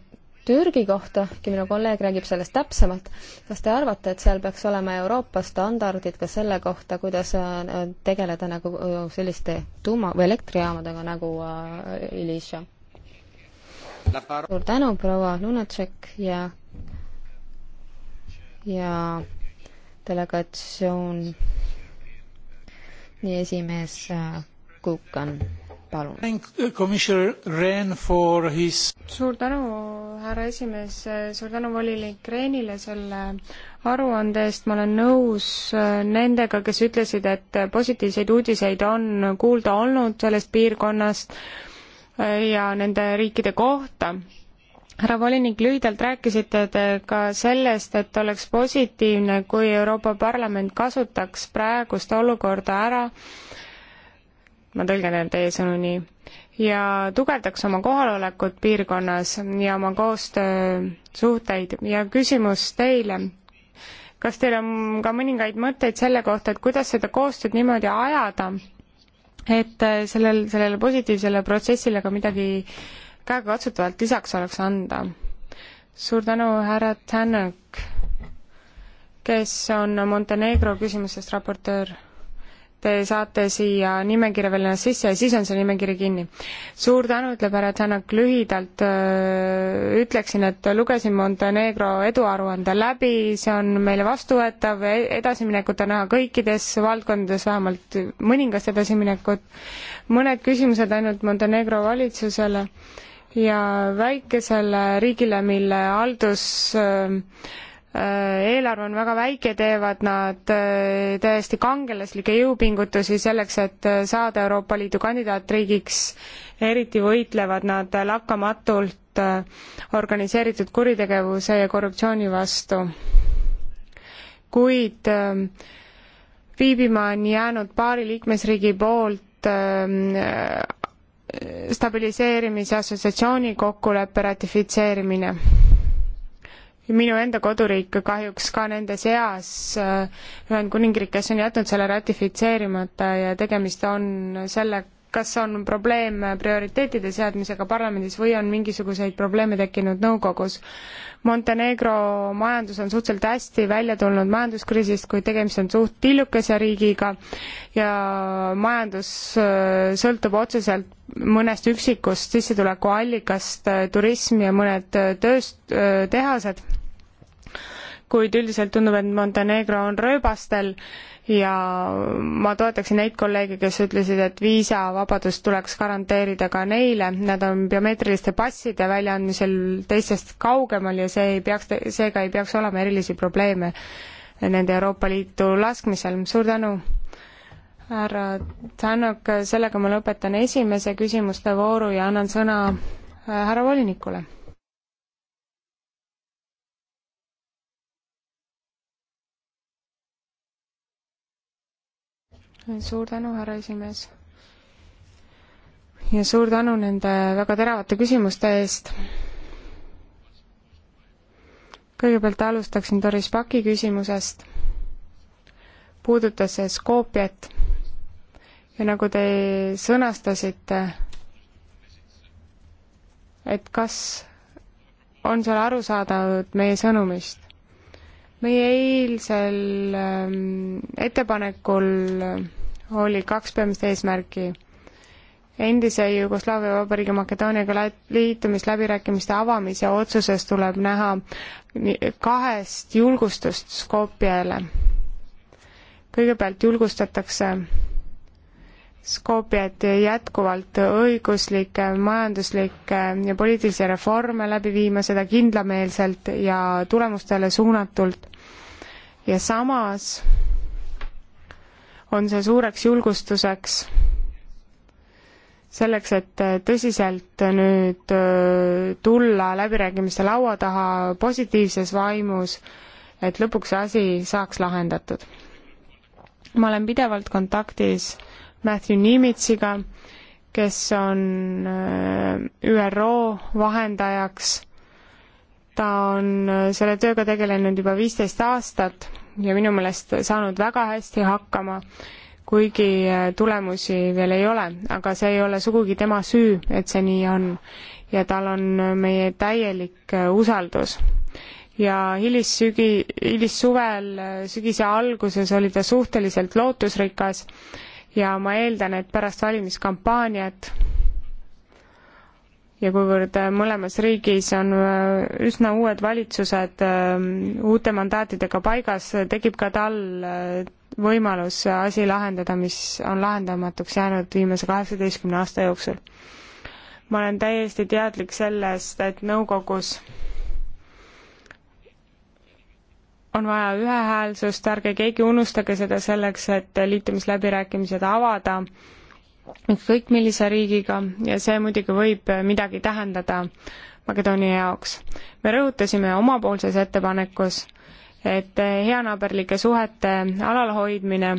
Türgi kohta, äkki minu kolleeg räägib sellest täpsemalt, kas te arvate, et seal peaks olema Euroopa standardid ka selle kohta, kuidas äh, tegeleda nagu selliste tuuma- või elektrijaamadega nagu Ilisha? suur tänu, proua Lunatšek ja ja delegatsiooni esimees äh, Kukan, palun. His... suur tänu, härra esimees, suur tänu volinik Rehnile selle aruande eest, ma olen nõus äh, nendega, kes ütlesid, et positiivseid uudiseid on kuulda olnud sellest piirkonnast äh, ja nende riikide kohta härra volinik, lühidalt rääkisite te ka sellest, et oleks positiivne, kui Euroopa Parlament kasutaks praegust olukorda ära, ma tõlgendan teie sõnu nii, ja tugevdaks oma kohalolekut piirkonnas ja oma koostöösuhteid ja küsimus teile, kas teil on ka mõningaid mõtteid selle kohta, et kuidas seda koostööd niimoodi ajada, et sellel, sellele positiivsele protsessile ka midagi äh, käegakatsutavalt lisaks oleks anda. suur tänu, härra Tänak, kes on Montenegro küsimusest raportöör. Te saate siia nimekirja veel ennast sisse ja siis on see nimekiri kinni. suur tänu, ütleb härra Tänak, lühidalt öö, ütleksin, et lugesin Montenegro eduaruande läbi, see on meile vastuvõetav, e-, edasiminekut on näha kõikides valdkondades, vähemalt mõningast edasiminekut, mõned küsimused ainult Montenegro valitsusele ja väikesele riigile, mille haldus äh, äh, eelarve on väga väike, teevad nad äh, täiesti kangelaslikke jõupingutusi selleks, et saada Euroopa Liidu kandidaatriigiks. eriti võitlevad nad lakkamatult organiseeritud kuritegevuse ja korruptsiooni vastu. kuid viibima on jäänud paari liikmesriigi poolt stabiliseerimise assotsiatsiooni kokkuleppe ratifitseerimine. minu enda koduriik kahjuks ka nende seas, äh, Ühendkuningriik, kes on jätnud selle ratifitseerimata ja tegemist on sellega, kas on probleem prioriteetide seadmisega parlamendis või on mingisuguseid probleeme tekkinud nõukogus. Montenegro majandus on suhteliselt hästi välja tulnud majanduskriisist, kuid tegemist on suht tillukese riigiga ja majandus äh, sõltub otseselt mõnest üksikust sissetulekuallikast, äh, turism ja mõned äh, tööst-, tehased, kuid üldiselt tundub, et Montenegro on rööbastel ja ma toetaksin neid kolleege, kes ütlesid, et viisavabadus tuleks garanteerida ka neile, nad on biomeetriliste passide väljaandmisel teistest kaugemal ja see ei peaks, seega ei peaks olema erilisi probleeme nende Euroopa Liitu laskmisel, suur tänu! härra Tänok, sellega ma lõpetan esimese küsimuste vooru ja annan sõna äh, härra volinikule suur tänu, härra esimees. ja suur tänu nende väga teravate küsimuste eest. kõigepealt alustaksin Doris Paki küsimusest. puudutas see Skopjat ja nagu te sõnastasite, et kas on seal aru saadavad meie sõnumist? meie eilsel ähm, ettepanekul ähm, oli kaks peamist eesmärki. endise Jugoslaavia Vabariigi Makedooniaga liitumisläbirääkimiste avamise otsuses tuleb näha kahest julgustust Skopjele. kõigepealt julgustatakse Skopjat jätkuvalt õiguslikke, majanduslikke ja poliitilisi reforme läbi viima, seda kindlameelselt ja tulemustele suunatult. ja samas on see suureks julgustuseks selleks, et tõsiselt nüüd tulla läbirääkimiste laua taha positiivses vaimus, et lõpuks see asi saaks lahendatud. ma olen pidevalt kontaktis Matthew Nimitsiga, kes on ÜRO vahendajaks ta on äh, selle tööga tegelenud juba viisteist aastat ja minu meelest saanud väga hästi hakkama, kuigi äh, tulemusi veel ei ole, aga see ei ole sugugi tema süü, et see nii on. ja tal on äh, meie täielik usaldus ja hilissügi, hilissuvel, sügise alguses oli ta suhteliselt lootusrikas ja ma eeldan, et pärast valimiskampaaniat ja kuivõrd äh, mõlemas riigis on äh, üsna uued valitsused äh, uute mandaatidega paigas, tekib ka tal võimalus asi lahendada, mis on lahendamatuks jäänud viimase kaheksateistkümne aasta jooksul. ma olen täiesti teadlik sellest, et nõukogus on vaja ühehäälsust, ärge keegi unustage seda selleks, et liitumisläbirääkimised avada ükskõik millise riigiga ja see muidugi võib äh, midagi tähendada Makedoonia jaoks. me rõhutasime omapoolses ettepanekus, et äh, heanaaberlike suhete alalhoidmine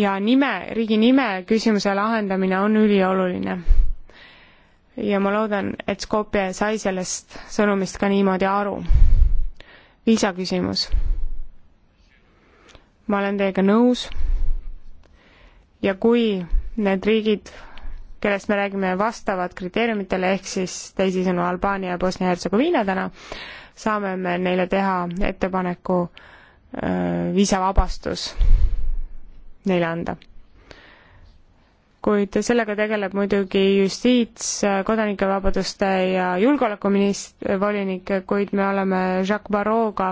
ja nime, riigi nime küsimuse lahendamine on ülioluline. ja ma loodan, et Skopje sai sellest sõnumist ka niimoodi aru. viisaküsimus ma olen teiega nõus. ja kui need riigid, kellest me räägime, vastavad kriteeriumitele, ehk siis teisisõnu Albaania ja Bosnia-Hertsegoviina täna, saame me neile teha ettepaneku äh, viisavabastus neile anda kuid sellega tegeleb muidugi justiits, kodanikevabaduste ja julgeolekuminist-, volinik, kuid me oleme Jacques Barrot'ga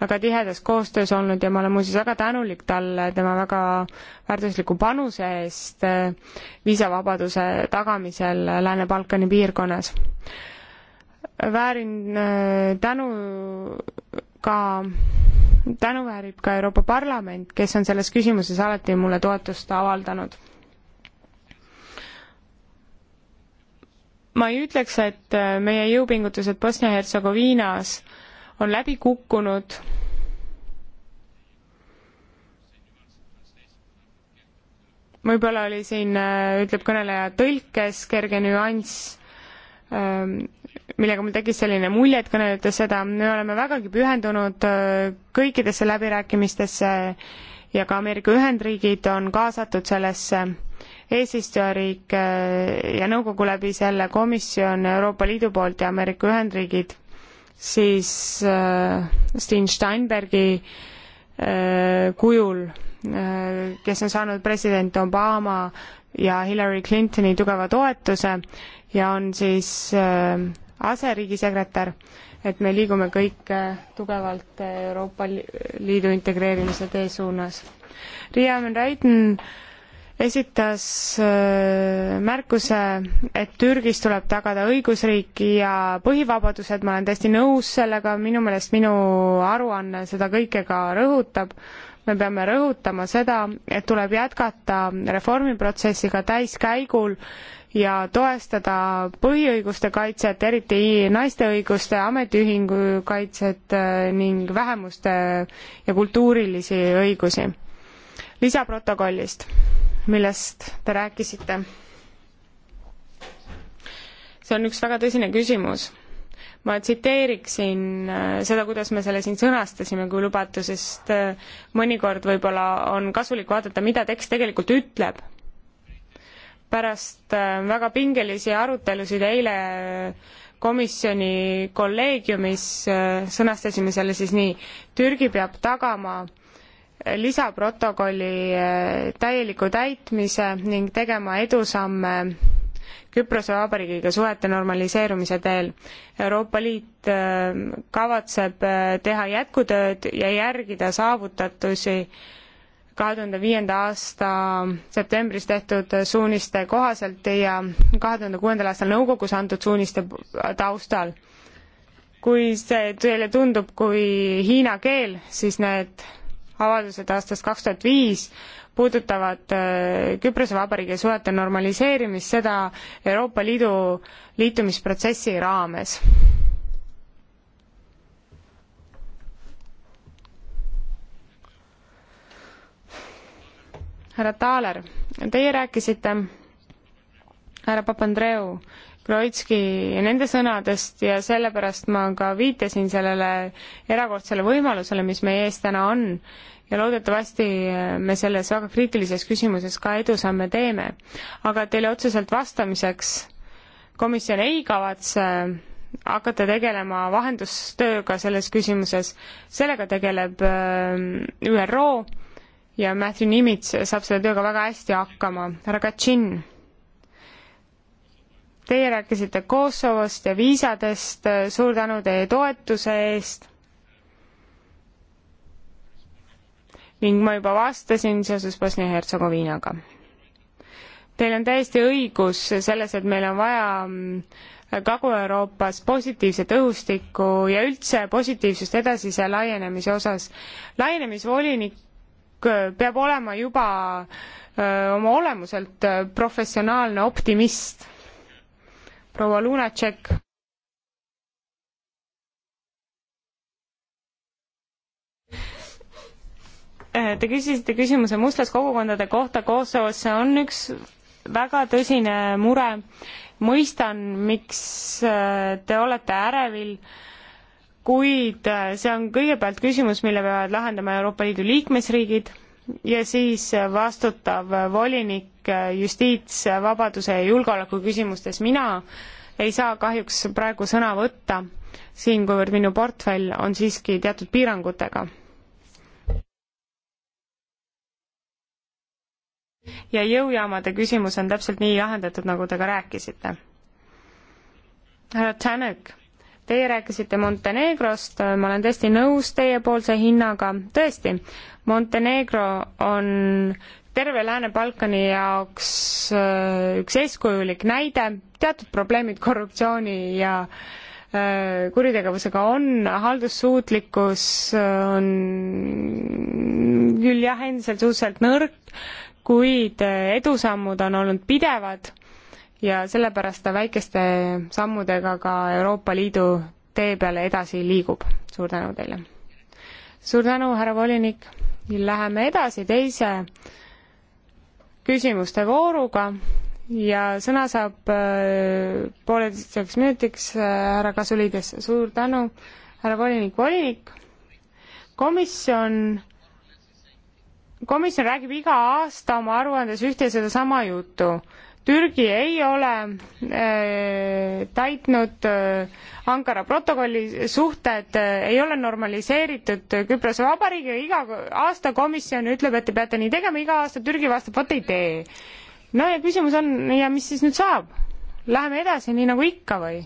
väga tihedas koostöös olnud ja ma olen muuseas väga tänulik talle tema väga väärtusliku panuse eest viisavabaduse tagamisel Lääne-Balkani piirkonnas. väärin äh, tänu ka tänu väärib ka Euroopa Parlament, kes on selles küsimuses alati mulle toetust avaldanud ma ei ütleks, et äh, meie jõupingutused Bosnia-Hertsegoviinas on läbi kukkunud. võib-olla oli siin, äh, ütleb kõneleja, tõlkes kerge nüanss, ähm, millega mul tekkis selline mulje, et kõneledes seda, me oleme vägagi pühendunud äh, kõikidesse läbirääkimistesse ja ka Ameerika Ühendriigid on kaasatud sellesse eesistujariik äh, ja nõukogu läbi selle komisjon Euroopa Liidu poolt ja Ameerika Ühendriigid, siis äh, Sten Steinbergi äh, kujul, kes on saanud president Obama ja Hillary Clintoni tugeva toetuse ja on siis aseriigisekretär, et me liigume kõik tugevalt Euroopa Liidu integreerimise tee suunas. Riia Van Raiden äh, esitas äh, märkuse, et Türgis tuleb tagada õigusriik ja põhivabadused, ma olen täiesti nõus sellega, minu meelest minu aruanne seda kõike ka rõhutab, me peame rõhutama seda, et tuleb jätkata reformiprotsessiga täiskäigul ja toestada põhiõiguste kaitset, eriti naiste õiguste ametiühingu kaitset äh, ning vähemuste ja kultuurilisi õigusi. lisaprotokollist millest te rääkisite. see on üks väga tõsine küsimus. ma tsiteeriksin äh, seda, kuidas me selle siin sõnastasime, kui lubate, sest äh, mõnikord võib-olla on kasulik vaadata, mida tekst tegelikult ütleb. pärast äh, väga pingelisi arutelusid eile komisjoni kolleegiumis sõnastasime selle siis nii, Türgi peab tagama lisaprotokolli eh, täieliku täitmise ning tegema edusamme Küprose Vabariigiga suhete normaliseerumise teel. Euroopa Liit eh, kavatseb eh, teha jätkutööd ja järgida saavutatusi kahe tuhande viienda aasta septembris tehtud suuniste kohaselt ja kahe tuhande kuuendal aastal nõukogus antud suuniste taustal. kui see teile tundub kui hiina keel, siis need avaldused aastast kaks tuhat viis puudutavad äh, Küprose Vabariigi suhete normaliseerimist, seda Euroopa Liidu liitumisprotsessi raames. härra Taaler, teie rääkisite, härra Papandreou, Groitski nende sõnadest ja sellepärast ma ka viitasin sellele erakordsele võimalusele, mis meie ees täna on ja loodetavasti äh, me selles väga kriitilises küsimuses ka edusamme teeme. aga teile otseselt vastamiseks, komisjon ei kavatse äh, hakata tegelema vahendustööga selles küsimuses, sellega tegeleb äh, ÜRO ja Matthew Nimitz saab selle tööga väga hästi hakkama, härra Katšin Teie rääkisite Kosovost ja viisadest, suur tänu teie toetuse eest. ning ma juba vastasin seoses Bosnia-Hertsegoviinaga. Teil on täiesti õigus selles, et meil on vaja mm, Kagu-Euroopas positiivset õhustikku ja üldse positiivsust edasise laienemise osas. laienemisvolinik äh, peab olema juba öö, äh, oma olemuselt äh, professionaalne optimist proua Lunatšek. Äh, te küsisite küsimuse mustlaskogukondade kohta Kosovos, see on üks väga tõsine mure. mõistan, miks äh, te olete ärevil, kuid äh, see on kõigepealt küsimus, mille peavad lahendama Euroopa Liidu liikmesriigid ja siis vastutav volinik justiits, vabaduse ja julgeoleku küsimustes, mina ei saa kahjuks praegu sõna võtta siin, kuivõrd minu portfell on siiski teatud piirangutega. ja jõujaamade küsimus on täpselt nii lahendatud, nagu te ka rääkisite. härra Tänak Teie rääkisite Montenegrost, ma olen tõesti nõus teiepoolse hinnaga, tõesti, Montenegro on terve Lääne-Balkani jaoks äh, üks eeskujulik näide, teatud probleemid korruptsiooni ja äh, kuritegevusega on, haldussuutlikkus äh, on küll jah, endiselt suhteliselt nõrk, kuid edusammud on olnud pidevad ja sellepärast ta väikeste sammudega ka Euroopa Liidu tee peale edasi liigub. suur tänu teile! suur tänu, härra volinik! Läheme edasi teise küsimuste vooruga ja sõna saab äh, pooleteiseks minutiks äh, härra äh, Kasulides. suur tänu, härra volinik, volinik. komisjon, komisjon räägib iga aasta oma aruandes ühte ja sedasama juttu. Türgi ei ole äh, täitnud äh, Ankara protokolli suhted äh,, ei ole normaliseeritud äh, Küprose Vabariigiga, iga aasta komisjon ütleb, et te peate nii tegema, iga aasta Türgi vastab, vot ei tee. no ja küsimus on, ja mis siis nüüd saab? Läheme edasi, nii nagu ikka või?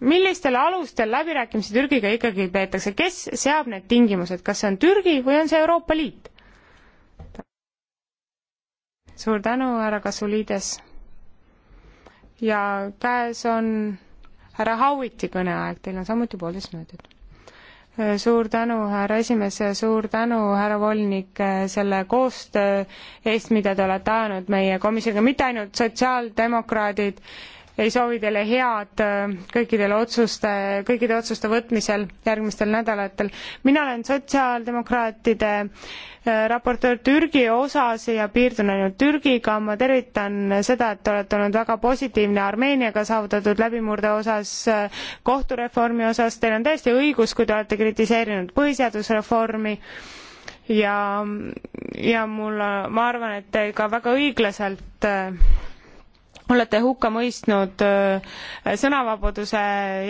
millistel alustel läbirääkimisi Türgiga ikkagi peetakse, kes seab need tingimused, kas see on Türgi või on see Euroopa Liit? suur tänu, härra Kasuliides. ja käes on härra Howiti kõneaeg, teil on samuti poolteist minutit. suur tänu, härra esimees, ja suur tänu, härra volinik, selle koostöö eest, mida te olete ajanud meie komisjoniga, mitte ainult sotsiaaldemokraadid ei soovi teile head äh, kõikidele otsuste, kõikide otsuste võtmisel järgmistel nädalatel. mina olen sotsiaaldemokraatide äh, raportöör Türgi osas ja piirdun ainult Türgiga, ma tervitan seda, et te olete olnud väga positiivne Armeeniaga saavutatud läbimurde osas, äh, kohtureformi osas, teil on täiesti õigus, kui te olete kritiseerinud põhiseadusreformi ja, ja mul, ma arvan, et te ka väga õiglaselt äh, olete hukka mõistnud äh, sõnavabaduse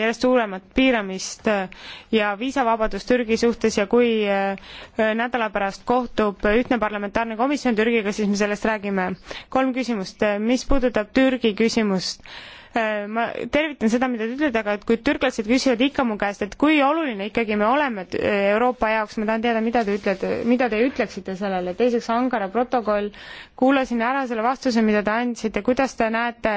järjest suuremat piiramist äh, ja viisavabadust Türgi suhtes ja kui äh, nädala pärast kohtub ühtne parlamentaarne komisjon Türgiga, siis me sellest räägime. kolm küsimust, mis puudutab Türgi küsimust Äh, ma tervitan seda, mida te ütlete, aga et kui türklased küsivad ikka mu käest, et kui oluline ikkagi me oleme äh, Euroopa jaoks, ma tahan teada, mida te ütlete, mida te ütleksite sellele, teiseks Ankara protokoll, kuulasin ära selle vastuse, mida te andsite, kuidas te näete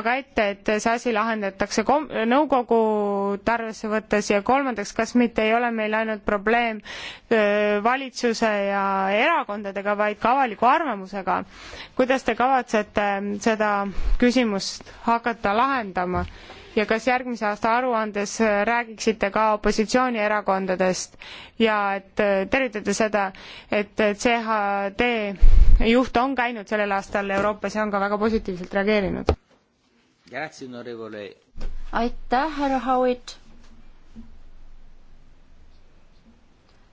aga ette, et see asi lahendatakse kom-, nõukogud arvesse võttes ja kolmandaks, kas mitte ei ole meil ainult probleem öö, äh, valitsuse ja erakondadega, vaid ka avaliku arvamusega, kuidas te kavatsete seda küsimust hakata seda lahendama ja kas järgmise aasta aruandes äh, räägiksite ka opositsioonierakondadest ja et äh, tervitate seda, et äh, CHD juht on käinud sellel aastal Euroopas ja on ka väga positiivselt reageerinud? aitäh, härra Howitt.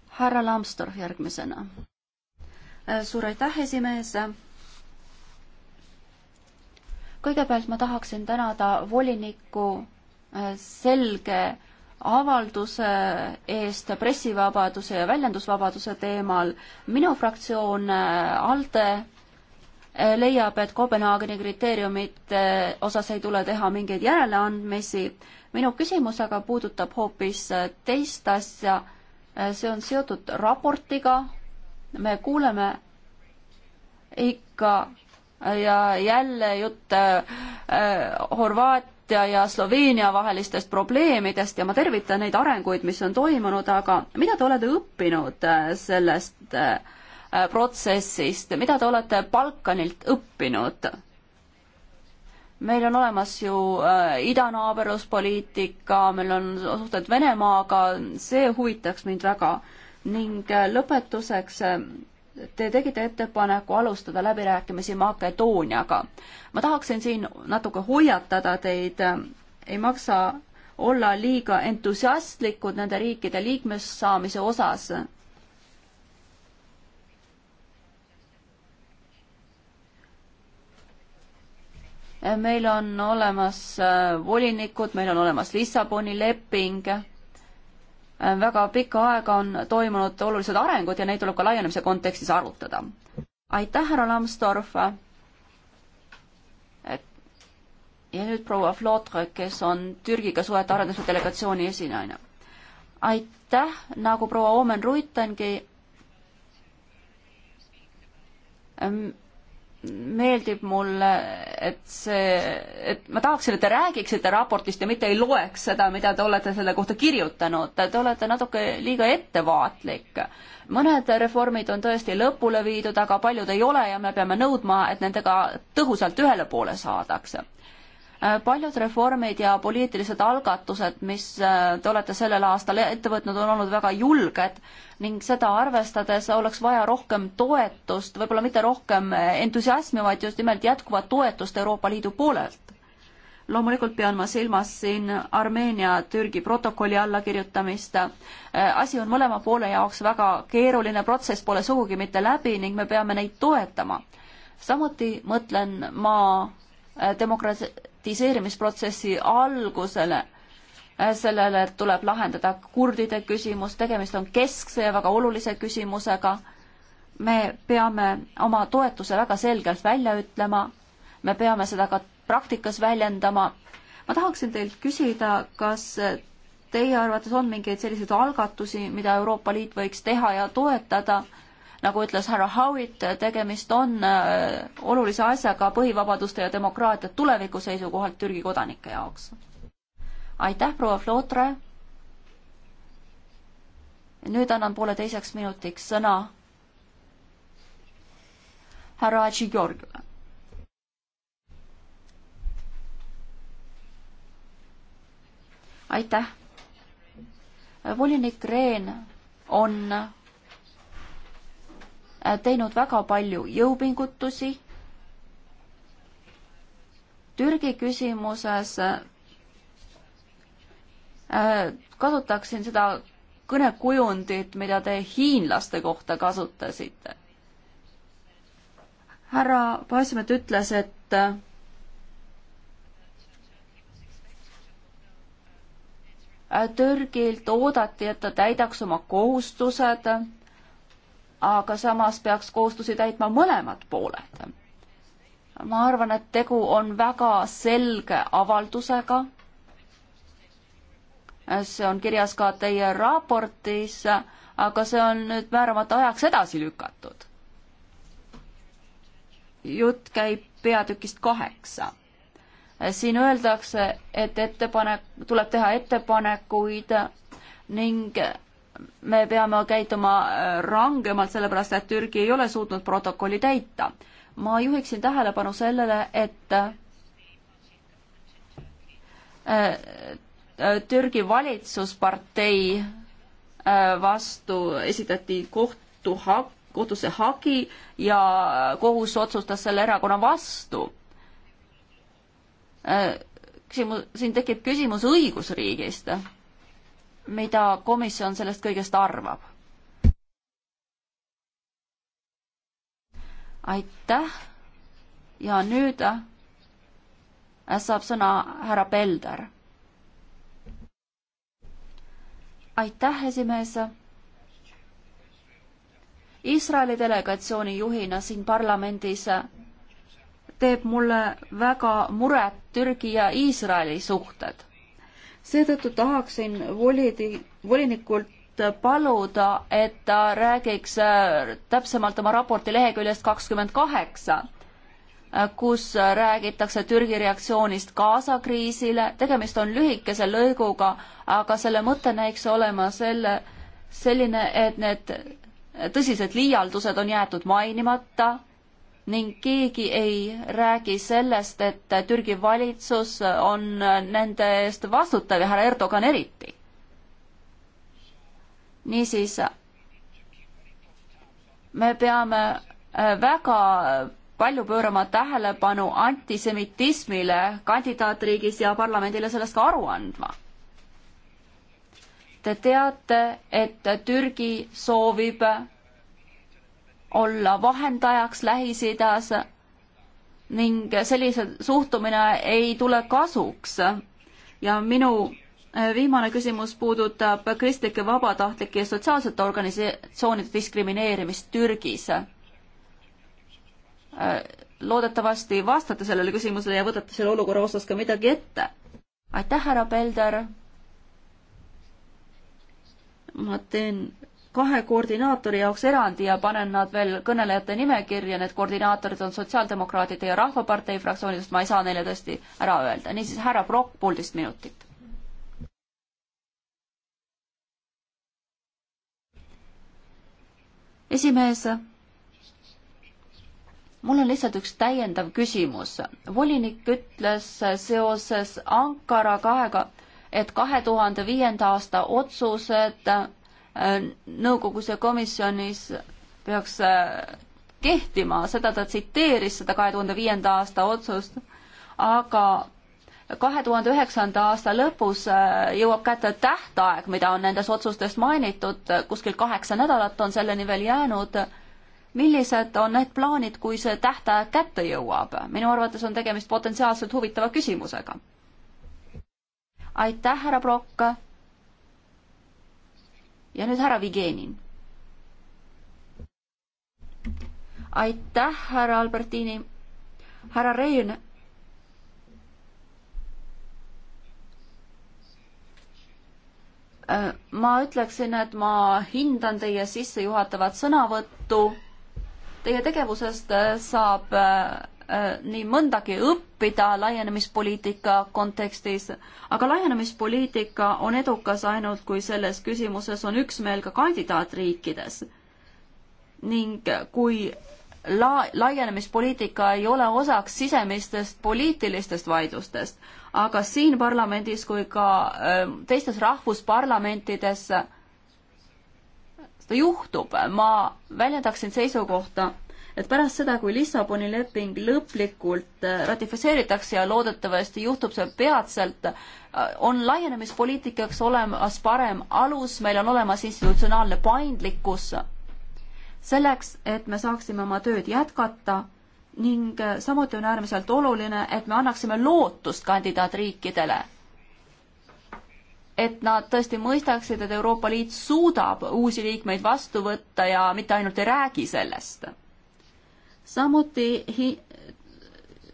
härra Lambsdorff järgmisena. suur aitäh, esimees kõigepealt ma tahaksin tänada volinikku äh, selge avalduse äh, eest pressivabaduse ja väljendusvabaduse teemal. minu fraktsioon äh, ALDE leiab, et Kopenhaageni kriteeriumite osas ei tule teha mingeid järeleandmisi. minu küsimus aga puudutab hoopis teist asja. see on seotud raportiga. me kuuleme ikka ja jälle jutt äh, Horvaatia ja Sloveenia vahelistest probleemidest ja ma tervitan neid arenguid, mis on toimunud, aga mida te olete õppinud äh, sellest äh, protsessist, mida te olete Balkanilt õppinud? meil on olemas ju äh, idanaaberluspoliitika, meil on suhted Venemaaga, see huvitaks mind väga ning äh, lõpetuseks äh, te tegite ettepaneku alustada läbirääkimisi Makedooniaga. ma tahaksin siin natuke hoiatada teid, ei maksa olla liiga entusiastlikud nende riikide liikmeks saamise osas. meil on olemas äh, volinikud, meil on olemas Lissaboni leping väga pikka aega on toimunud olulised arengud ja neid tuleb ka laienemise kontekstis arutada. aitäh, härra Lambsdorff. ja nüüd proua Flotre, kes on Türgiga suhete arenduse delegatsiooni esinaine. aitäh, nagu proua Oomen Ruitengi meeldib mulle, et see, et ma tahaksin, et te räägiksite raportist ja mitte ei loeks seda, mida te olete selle kohta kirjutanud. Te olete natuke liiga ettevaatlik. mõned reformid on tõesti lõpule viidud, aga paljud ei ole ja me peame nõudma, et nendega tõhusalt ühele poole saadakse Äh, paljud reformid ja poliitilised algatused, mis äh, te olete sellel aastal ette võtnud, on olnud väga julged ning seda arvestades oleks vaja rohkem toetust, võib-olla mitte rohkem entusiasmi, vaid just nimelt jätkuvat toetust Euroopa Liidu poolelt. loomulikult pean ma silmas siin Armeenia-Türgi protokolli allakirjutamist. Äh, asi on mõlema poole jaoks väga keeruline, protsess pole sugugi mitte läbi ning me peame neid toetama. samuti mõtlen ma demokra-, demokratiseerimisprotsessi algusele, äh, sellele tuleb lahendada kurdide küsimus, tegemist on keskse ja väga olulise küsimusega. me peame oma toetuse väga selgelt välja ütlema, me peame seda ka praktikas väljendama. ma tahaksin teilt küsida, kas teie arvates on mingeid selliseid algatusi, mida Euroopa Liit võiks teha ja toetada nagu ütles härra Howitt, tegemist on äh, olulise asjaga põhivabaduste ja demokraatia tuleviku seisukohalt Türgi kodanike jaoks. aitäh, proua Flotre. nüüd annan pooleteiseks minutiks sõna härra Hadži Georgiole. aitäh. volinik Rehn on teinud väga palju jõupingutusi. Türgi küsimuses äh, kasutaksin seda kõnekujundit, mida te hiinlaste kohta kasutasite. härra Paasimet ütles, et äh, Türgilt oodati, et ta täidaks oma kohustused aga samas peaks kohustusi täitma mõlemad pooled. ma arvan, et tegu on väga selge avaldusega. see on kirjas ka teie raportis, aga see on nüüd määramata ajaks edasi lükatud. jutt käib peatükist kaheksa siin öeldakse, et ettepanek, tuleb teha ettepanekuid ning me peame käituma äh, rangemalt, sellepärast et Türgi ei ole suutnud protokolli täita. ma juhiksin tähelepanu sellele, et äh, äh, Türgi valitsuspartei vastu esitati kohtu, kohtusse hagi ja kohus otsustas selle erakonna vastu. küsimus, siin tekib küsimus õigusriigist mida komisjon sellest kõigest arvab. aitäh ja nüüd äh, saab sõna härra Pelder. aitäh, esimees. Iisraeli delegatsiooni juhina siin parlamendis äh, teeb mulle väga muret Türgi ja Iisraeli suhted seetõttu tahaksin volidi, volinikult paluda, et ta räägiks äh, täpsemalt oma raporti leheküljest kakskümmend kaheksa, äh, kus räägitakse Türgi reaktsioonist Gaza kriisile, tegemist on lühikese lõiguga, aga selle mõte näiks olema selle, selline, et need tõsised liialdused on jäetud mainimata ning keegi ei räägi sellest, et Türgi valitsus on nende eest vastutav ja härra Erdogan eriti. niisiis, me peame äh, väga palju pöörama tähelepanu antisemitismile kandidaatriigis ja parlamendile sellest ka aru andma te teate, et Türgi soovib olla vahendajaks Lähis-Idas ning sellise suhtumine ei tule kasuks. ja minu äh, viimane küsimus puudutab kristlike vabatahtlike ja sotsiaalsete organisatsioonide diskrimineerimist Türgis. Äh, loodetavasti vastate sellele küsimusele ja võtate selle olukorra osas ka midagi ette. aitäh, härra Pelder. ma teen kahe koordinaatori jaoks erandi ja panen nad veel kõnelejate nimekirja, need koordinaatorid on Sotsiaaldemokraatide ja Rahvapartei fraktsioonidest, ma ei saa neile tõesti ära öelda. niisiis, härra Prokk, poolteist minutit. esimees, mul on lihtsalt üks täiendav küsimus. volinik ütles seoses Ankara kahega, et kahe tuhande viienda aasta otsused Äh, nõukogus ja komisjonis peaks äh, kehtima, seda ta tsiteeris, seda kahe tuhande viienda aasta otsust, aga kahe tuhande üheksanda aasta lõpus äh, jõuab kätte tähtaeg, mida on nendes otsustes mainitud, kuskil kaheksa nädalat on selleni veel jäänud. millised on need plaanid, kui see tähtaeg kätte jõuab? minu arvates on tegemist potentsiaalselt huvitava küsimusega. aitäh, härra Prokk ja nüüd härra Vigenin. aitäh, härra Albertini. härra Rein. Äh, ma ütleksin, et ma hindan teie sissejuhatavat sõnavõttu. Teie tegevusest äh, saab äh, Äh, nii mõndagi õppida laienemispoliitika kontekstis, aga laienemispoliitika on edukas ainult, kui selles küsimuses on üksmeel ka kandidaatriikides. ning kui la-, laienemispoliitika ei ole osaks sisemistest poliitilistest vaidlustest, aga siin parlamendis kui ka äh, teistes rahvusparlamentides seda juhtub, ma väljendaksin seisukohta, et pärast seda, kui Lissaboni leping lõplikult äh, ratifitseeritakse ja loodetavasti juhtub see peatselt, äh, on laienemispoliitikaks olemas parem alus, meil on olemas institutsionaalne paindlikkus selleks, et me saaksime oma tööd jätkata ning äh, samuti on äärmiselt oluline, et me annaksime lootust kandidaatriikidele. et nad tõesti mõistaksid, et Euroopa Liit suudab uusi liikmeid vastu võtta ja mitte ainult ei räägi sellest samuti hi-,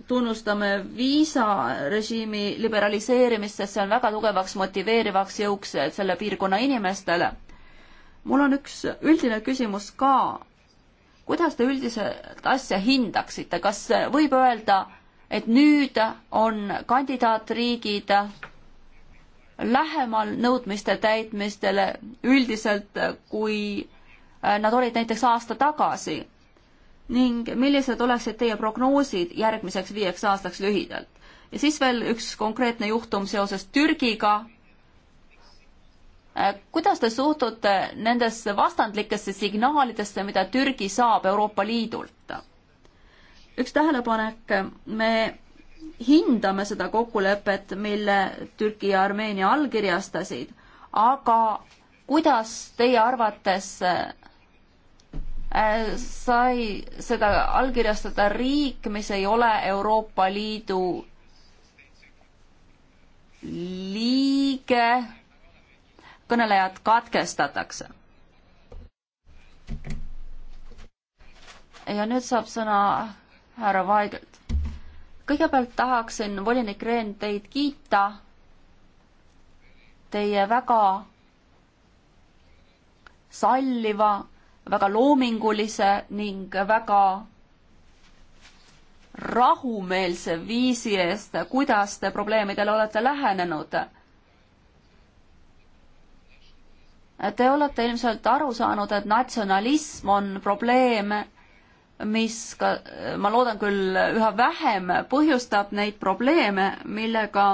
tunnustame viisarežiimi liberaliseerimist, sest see on väga tugevaks motiveerivaks jõuks selle piirkonna inimestele. mul on üks üldine küsimus ka. kuidas te üldiselt asja hindaksite, kas võib öelda, et nüüd on kandidaatriigid lähemal nõudmiste täitmistele üldiselt, kui nad olid näiteks aasta tagasi? ning millised oleksid teie prognoosid järgmiseks viieks aastaks lühidalt? ja siis veel üks konkreetne juhtum seoses Türgiga. Äh, kuidas te suhtute nendesse vastandlikesse signaalidesse, mida Türgi saab Euroopa Liidult? üks tähelepanek, me hindame seda kokkulepet, mille Türgi ja Armeenia allkirjastasid, aga kuidas teie arvates Äh, sai seda allkirjastada riik, mis ei ole Euroopa Liidu liige. kõnelejad katkestatakse. ja nüüd saab sõna härra Vaigelt. kõigepealt tahaksin, volinik Rehn, teid kiita teie väga salliva väga loomingulise ning väga rahumeelse viisi eest, kuidas te probleemidele olete lähenenud. Te olete ilmselt aru saanud, et natsionalism on probleem, mis ka, ma loodan küll, üha vähem põhjustab neid probleeme, millega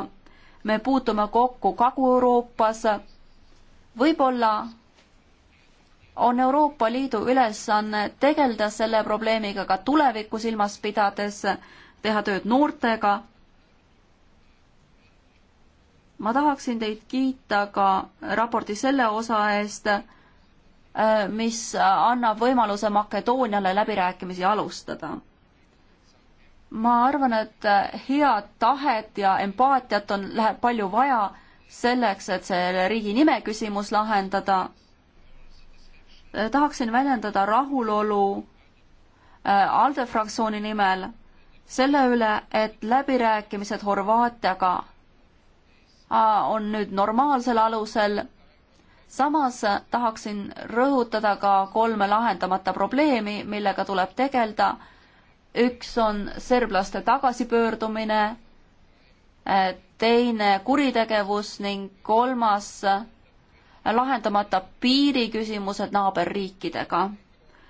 me puutume kokku Kagu-Euroopas. võib-olla on Euroopa Liidu ülesanne tegeleda selle probleemiga ka tulevikku silmas pidades, teha tööd noortega. ma tahaksin teid kiita ka raporti selle osa eest, äh, mis annab võimaluse Makedooniale läbirääkimisi alustada. ma arvan, et head tahet ja empaatiat on, läheb palju vaja selleks, et selle riigi nime küsimus lahendada Äh, tahaksin väljendada rahulolu äh, ALDE fraktsiooni nimel selle üle, et läbirääkimised Horvaatiaga äh, on nüüd normaalsel alusel. samas tahaksin rõhutada ka kolme lahendamata probleemi, millega tuleb tegeleda. üks on serblaste tagasipöördumine, teine kuritegevus ning kolmas lahendamata piiriküsimused naaberriikidega.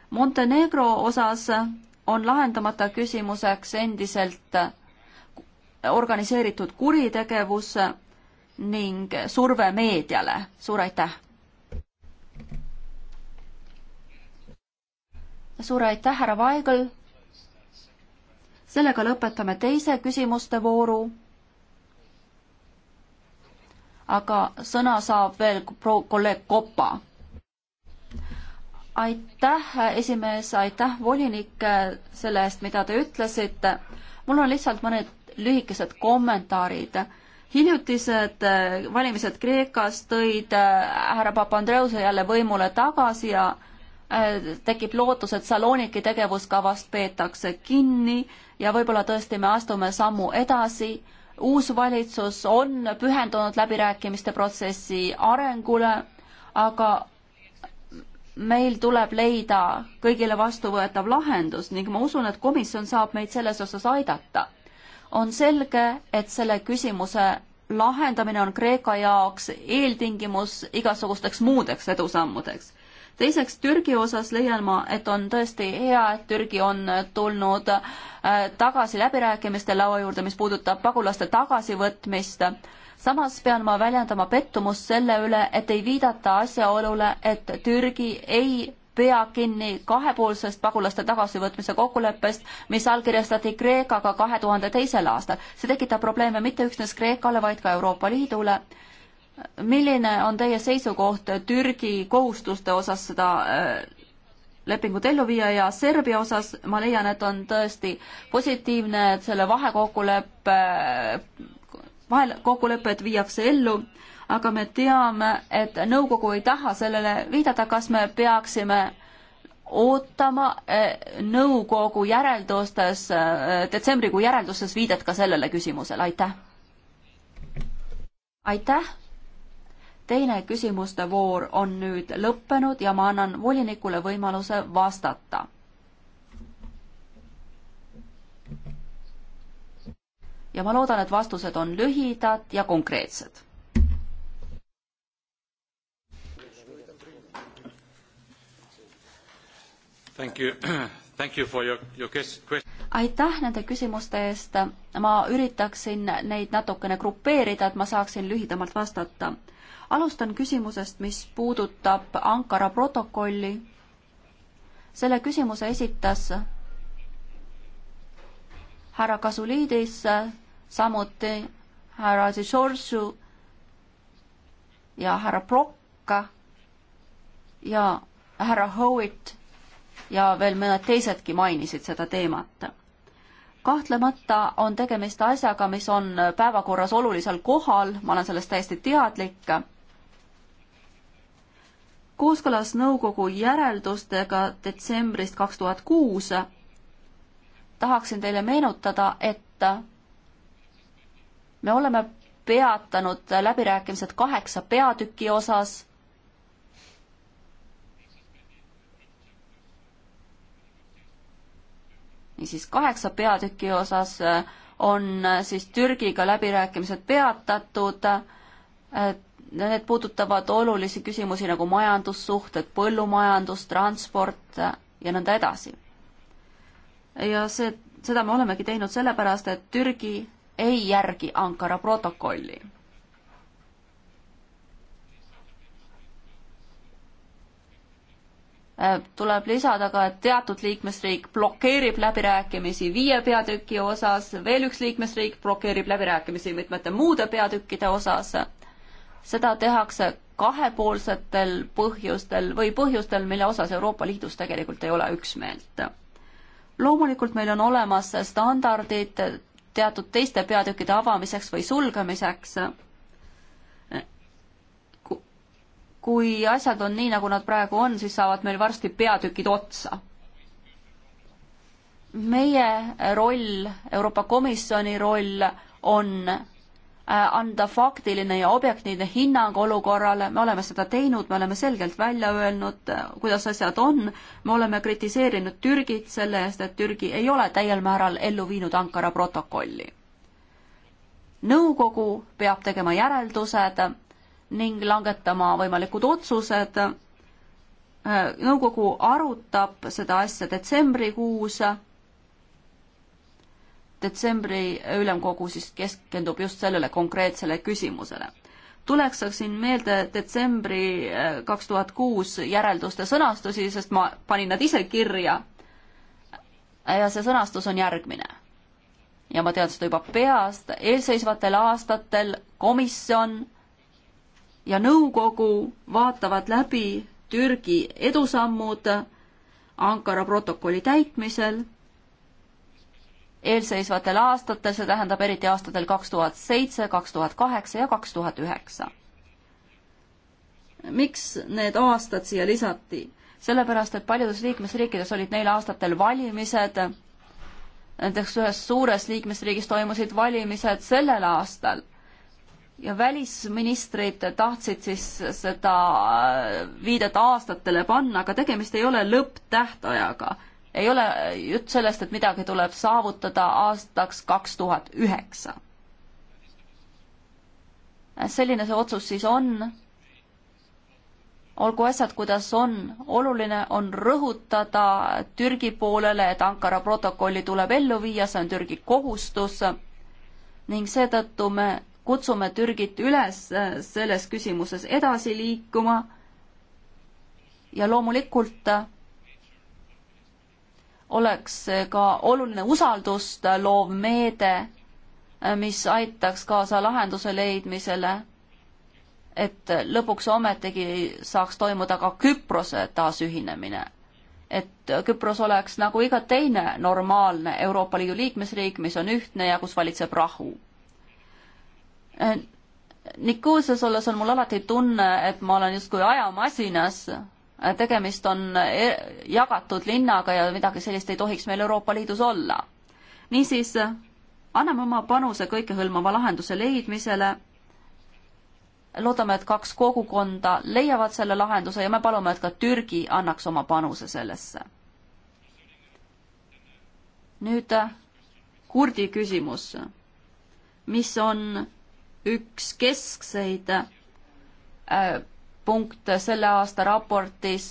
Montenegro osas on lahendamata küsimuseks endiselt organiseeritud kuritegevus ning surve meediale. suur aitäh! suur aitäh, härra Vaigel! sellega lõpetame teise küsimuste vooru aga sõna saab veel kolleeg Kopa. aitäh, esimees, aitäh, volinik, selle eest, mida te ütlesite. mul on lihtsalt mõned lühikesed kommentaarid. hiljutised eh, valimised Kreekas tõid eh, härra Papandreuse jälle võimule tagasi ja eh, tekib lootus, et Saloniki tegevuskavast peetakse kinni ja võib-olla tõesti me astume sammu edasi uus valitsus on pühendunud läbirääkimiste protsessi arengule, aga meil tuleb leida kõigile vastuvõetav lahendus ning ma usun, et komisjon saab meid selles osas aidata. on selge, et selle küsimuse lahendamine on Kreeka jaoks eeltingimus igasugusteks muudeks edusammudeks teiseks, Türgi osas leian ma, et on tõesti hea, et Türgi on tulnud äh, tagasi läbirääkimiste laua juurde, mis puudutab pagulaste tagasivõtmist. samas pean ma väljendama pettumust selle üle, et ei viidata asjaolule, et Türgi ei pea kinni kahepoolsest pagulaste tagasivõtmise kokkuleppest, mis allkirjastati Kreekaga kahe tuhande teisel aastal. see tekitab probleeme mitte üksnes Kreekale, vaid ka Euroopa Liidule milline on teie seisukoht Türgi kohustuste osas seda äh, lepingut ellu viia ja Serbia osas ma leian, et on tõesti positiivne, et selle vahekokkuleppe, vahekokkulepped viiakse ellu, aga me teame, et nõukogu ei taha sellele viidata, kas me peaksime ootama äh, nõukogu järeldustes, äh, detsembrikuu järeldustes viidet ka sellele küsimusele, aitäh! aitäh! teine küsimuste voor on nüüd lõppenud ja ma annan volinikule võimaluse vastata. ja ma loodan, et vastused on lühidad ja konkreetsed. Thank you. Thank you for your, your question. aitäh nende küsimuste eest, ma üritaksin neid natukene grupeerida, et ma saaksin lühidamalt vastata alustan küsimusest, mis puudutab Ankara protokolli. selle küsimuse esitas härra Kasuliidis, samuti härra Sisorsu ja härra Prokka ja härra Howitt ja veel mõned teisedki mainisid seda teemat kahtlemata on tegemist asjaga, mis on päevakorras olulisel kohal, ma olen sellest täiesti teadlik kooskõlas nõukogu järeldustega detsembrist kaks tuhat kuus tahaksin teile meenutada, et me oleme peatanud läbirääkimised kaheksa peatüki osas. niisiis kaheksa peatüki osas on siis Türgiga läbirääkimised peatatud Need puudutavad olulisi küsimusi nagu majandussuhted, põllumajandus, transport ja nõnda edasi. ja see, seda me olemegi teinud sellepärast, et Türgi ei järgi Ankara protokolli. tuleb lisada ka, et teatud liikmesriik blokeerib läbirääkimisi viie peatüki osas, veel üks liikmesriik blokeerib läbirääkimisi mitmete muude peatükkide osas seda tehakse kahepoolsetel põhjustel või põhjustel, mille osas Euroopa Liidus tegelikult ei ole üksmeelt. loomulikult meil on olemas standardid teatud teiste peatükkide avamiseks või sulgemiseks. kui asjad on nii, nagu nad praegu on, siis saavad meil varsti peatükid otsa meie roll, Euroopa Komisjoni roll on Äh, anda faktiline ja objektiivne hinnang olukorrale, me oleme seda teinud, me oleme selgelt välja öelnud, äh, kuidas asjad on, me oleme kritiseerinud Türgit selle eest, et Türgi ei ole täiel määral ellu viinud Ankara protokolli. nõukogu peab tegema järeldused ning langetama võimalikud otsused, äh, nõukogu arutab seda asja detsembrikuus detsembri ülemkogu siis keskendub just sellele konkreetsele küsimusele. tuletaksin meelde detsembri äh, kaks tuhat kuus järelduste sõnastusi, sest ma panin nad ise kirja. ja see sõnastus on järgmine. ja ma tean seda juba peast, eelseisvatel aastatel komisjon ja nõukogu vaatavad läbi Türgi edusammud Ankara protokolli täitmisel eelseisvatel aastatel, see tähendab eriti aastatel kaks tuhat seitse, kaks tuhat kaheksa ja kaks tuhat üheksa. miks need aastad siia lisati? sellepärast, et paljudes liikmesriikides olid neil aastatel valimised, näiteks ühes suures liikmesriigis toimusid valimised sellel aastal ja välisministrid tahtsid siis seda viidet aastatele panna, aga tegemist ei ole lõpptähtajaga ei ole jutt sellest, et midagi tuleb saavutada aastaks kaks tuhat üheksa. selline see otsus siis on. olgu asjad, kuidas on, oluline on rõhutada Türgi poolele, et Ankara protokolli tuleb ellu viia, see on Türgi kohustus ning seetõttu me kutsume Türgit üles selles küsimuses edasi liikuma ja loomulikult oleks ka oluline usaldust loov meede, mis aitaks kaasa lahenduse leidmisele, et lõpuks ometigi saaks toimuda ka Küprose taasühinemine. et Küpros oleks nagu iga teine normaalne Euroopa Liidu liikmesriik, mis on ühtne ja kus valitseb rahu. Nikuusias olles on mul alati tunne, et ma olen justkui ajamasinas tegemist on e, jagatud linnaga ja midagi sellist ei tohiks meil Euroopa Liidus olla. niisiis, anname oma panuse kõikehõlmava lahenduse leidmisele, loodame, et kaks kogukonda leiavad selle lahenduse ja me palume, et ka Türgi annaks oma panuse sellesse. nüüd kurdi küsimus, mis on üks keskseid äh, punkt selle aasta raportis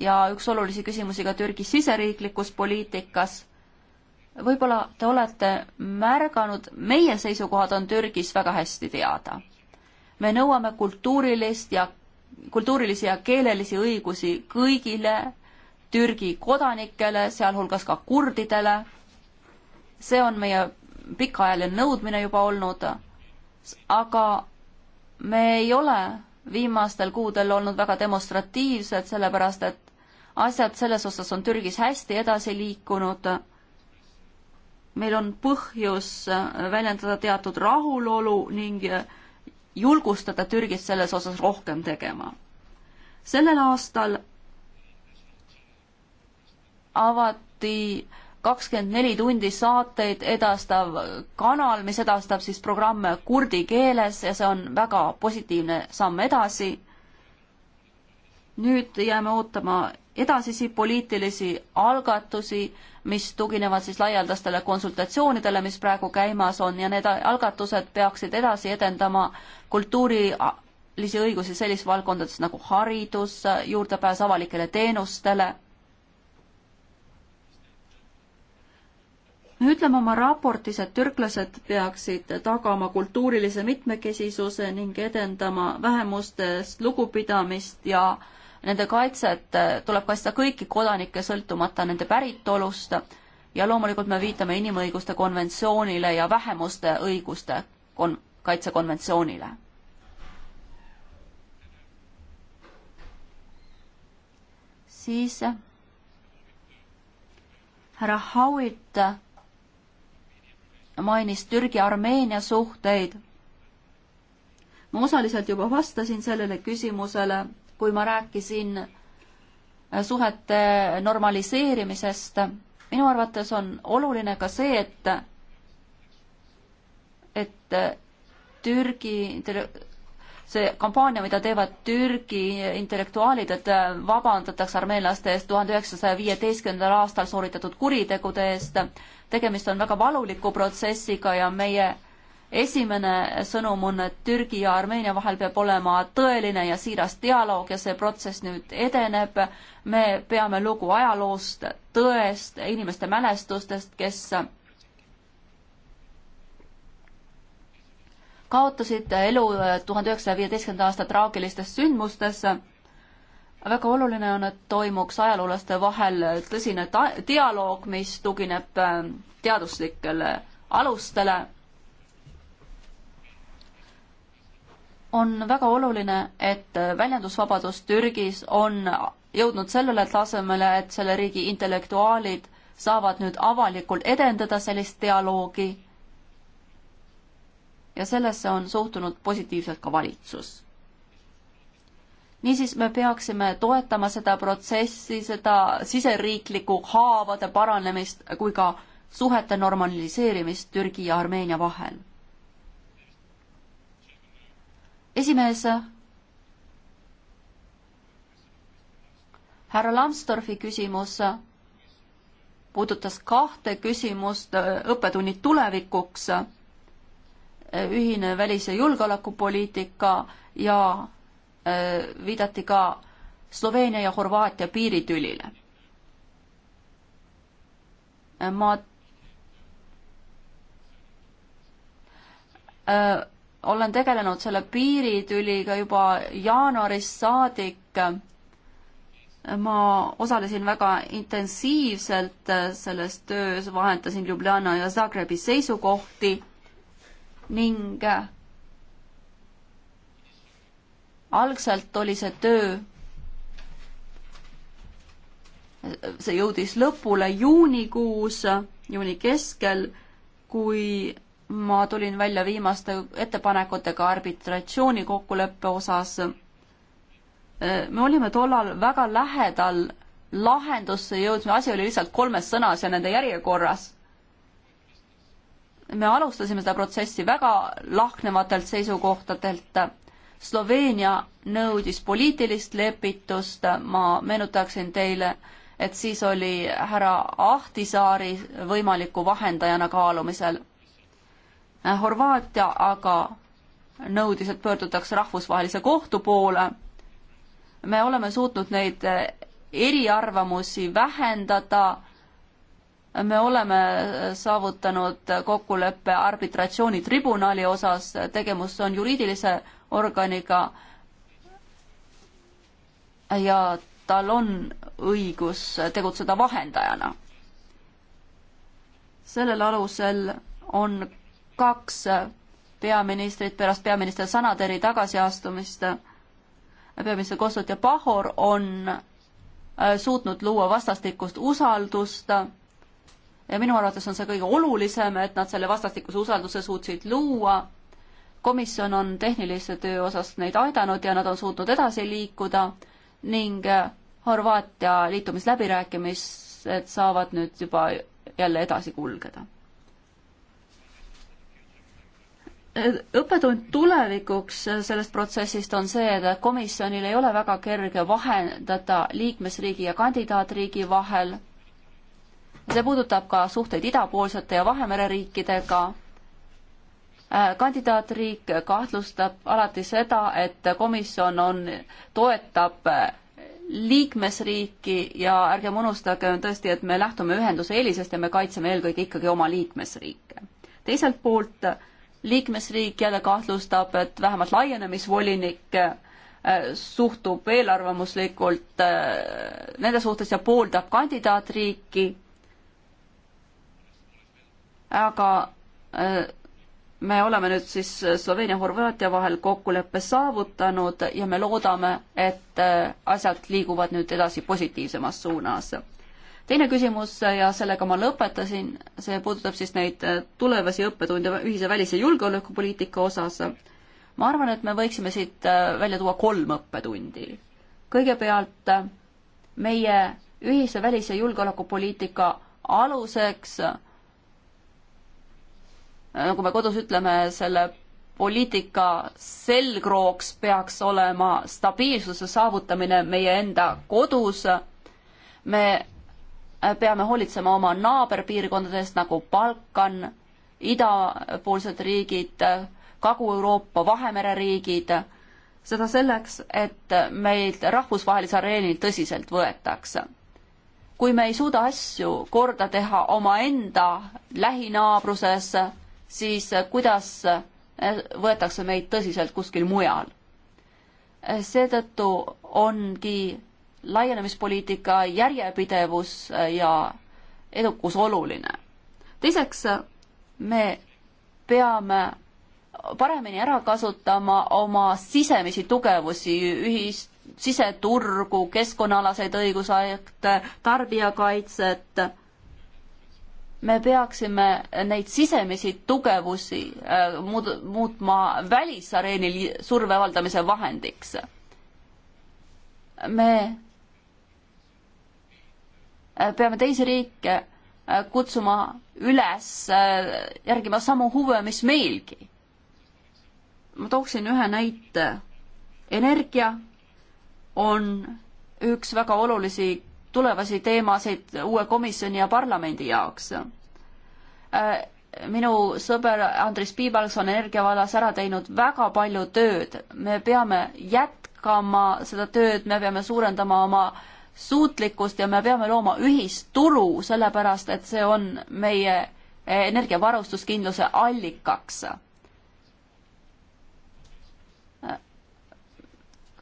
ja üks olulisi küsimusi ka Türgi siseriiklikus poliitikas. võib-olla te olete märganud, meie seisukohad on Türgis väga hästi teada. me nõuame kultuurilist ja, kultuurilisi ja keelelisi õigusi kõigile Türgi kodanikele, sealhulgas ka kurdidele. see on meie pikaajaline nõudmine juba olnud, aga me ei ole viimastel kuudel olnud väga demonstratiivsed, sellepärast et asjad selles osas on Türgis hästi edasi liikunud. meil on põhjus väljendada teatud rahulolu ning julgustada Türgit selles osas rohkem tegema. sellel aastal avati kakskümmend neli tundi saateid edastav kanal, mis edastab siis programme kurdi keeles ja see on väga positiivne samm edasi. nüüd jääme ootama edasisi poliitilisi algatusi, mis tuginevad siis laialdastele konsultatsioonidele, mis praegu käimas on ja need algatused peaksid edasi edendama kultuurilisi õigusi sellistes valdkondades nagu haridus, juurdepääs avalikele teenustele me ütleme oma raportis, et türklased peaksid tagama kultuurilise mitmekesisuse ning edendama vähemustest lugupidamist ja nende kaitset tuleb kaitsta kõiki kodanikke, sõltumata nende päritolust ja loomulikult me viitame inimõiguste konventsioonile ja vähemuste õiguste kon-, kaitsekonventsioonile. siis härra Howitt mainis Türgi-Armeenia suhteid. ma osaliselt juba vastasin sellele küsimusele, kui ma rääkisin äh, suhete normaliseerimisest. minu arvates on oluline ka see, et, et äh, Türgi see kampaania, mida teevad Türgi intellektuaalid, et äh, vabandatakse armeenlaste eest tuhande üheksasaja viieteistkümnendal aastal sooritatud kuritegude eest, tegemist on väga valuliku protsessiga ja meie esimene sõnum on, et Türgi ja Armeenia vahel peab olema tõeline ja siiras dialoog ja see protsess nüüd edeneb. me peame lugu ajaloost, tõest, inimeste mälestustest, kes kaotasid elu tuhande üheksasaja viieteistkümnenda aasta traagilistes sündmustes. väga oluline on, et toimuks ajaloolaste vahel tõsine dialoog, mis tugineb ähm, teaduslikele alustele. on väga oluline, et väljendusvabadus Türgis on jõudnud sellele tasemele, et selle riigi intellektuaalid saavad nüüd avalikult edendada sellist dialoogi ja sellesse on suhtunud positiivselt ka valitsus. niisiis me peaksime toetama seda protsessi, seda siseriiklikku haavade paranemist kui ka suhete normaliseerimist Türgi ja Armeenia vahel. esimees härra Lambsdorfi küsimus puudutas kahte küsimust, õppetunnid tulevikuks ühine välis- ja julgeolekupoliitika ja äh, viidati ka Sloveenia ja Horvaatia piiritülile. ma öö, äh, olen tegelenud selle piiritüliga juba jaanuarist saadik. ma osalesin väga intensiivselt selles töös, vahendasin Ljubljana ja Zagrebi seisukohti ning äh, algselt oli see töö, see jõudis lõpule juunikuus, juuni keskel, kui ma tulin välja viimaste ettepanekutega arbitratsiooni kokkuleppe osas. me olime tollal väga lähedal lahendusse jõudma, asi oli lihtsalt kolmes sõnas ja nende järjekorras me alustasime seda protsessi väga lahknevatelt seisukohtadelt. Sloveenia nõudis poliitilist lepitust, ma meenutaksin teile, et siis oli härra Ahtisaari võimaliku vahendajana kaalumisel. Horvaatia aga nõudis, et pöördutakse rahvusvahelise kohtu poole. me oleme suutnud neid eriarvamusi vähendada me oleme saavutanud kokkuleppe arbitratsioonitribunali osas, tegemist on juriidilise organiga ja tal on õigus tegutseda vahendajana. sellel alusel on kaks peaministrit pärast peaminister Sanaderi tagasiastumist, peaminister Kostot ja Pahor on suutnud luua vastastikust usaldust minu arvates on see kõige olulisem, et nad selle vastastikuse usalduse suutsid luua. komisjon on tehnilise töö osas neid aidanud ja nad on suutnud edasi liikuda ning äh, Horvaatia liitumisläbirääkimised saavad nüüd juba jälle edasi kulgeda. õppetund tulevikuks sellest protsessist on see, et komisjonil ei ole väga kerge vahendada liikmesriigi ja kandidaatriigi vahel see puudutab ka suhteid idapoolsete ja Vahemere riikidega. Äh, kandidaatriik kahtlustab alati seda, et komisjon on, toetab äh, liikmesriiki ja ärgem unustagem tõesti, et me lähtume ühenduse eelisest ja me kaitseme eelkõige ikkagi oma liikmesriike. teiselt poolt liikmesriik jälle kahtlustab, et vähemalt laienemisvolinik äh, suhtub eelarvamuslikult nende suhtes ja pooldab kandidaatriiki aga äh, me oleme nüüd siis Sloveenia-Horvaatia vahel kokkuleppe saavutanud ja me loodame, et äh, asjad liiguvad nüüd edasi positiivsemas suunas. teine küsimus äh, ja sellega ma lõpetasin, see puudutab siis neid tulevasi õppetunde ühise välis- ja julgeolekupoliitika osas. ma arvan, et me võiksime siit välja tuua kolm õppetundi. kõigepealt meie ühise välis- ja julgeolekupoliitika aluseks Äh, nagu me kodus ütleme, selle poliitika selgrooks peaks olema stabiilsuse saavutamine meie enda kodus. me äh, peame hoolitsema oma naaberpiirkondadest nagu Balkan, idapoolsed riigid, Kagu-Euroopa, Vahemere riigid, seda selleks, et meid rahvusvahelisel areenil tõsiselt võetakse. kui me ei suuda asju korda teha omaenda lähinaabruses, siis eh, kuidas eh, võetakse meid tõsiselt kuskil mujal. Eh, seetõttu ongi laienemispoliitika järjepidevus ja edukus oluline. teiseks, me peame paremini ära kasutama oma sisemisi tugevusi, ühist, siseturgu, keskkonnaalaseid õigusakte, tarbijakaitset me peaksime neid sisemisi tugevusi äh, muud, muutma välisareenil surve avaldamise vahendiks. me äh, peame teisi riike äh, kutsuma üles järgima samu huve, mis meilgi. ma tooksin ühe näite. energia on üks väga olulisi tulevasi teemasid uue komisjoni ja parlamendi jaoks. Äh, minu sõber Andris Piibalks on energia vallas ära teinud väga palju tööd, me peame jätkama seda tööd, me peame suurendama oma suutlikkust ja me peame looma ühisturu, sellepärast et see on meie energiavarustuskindluse allikaks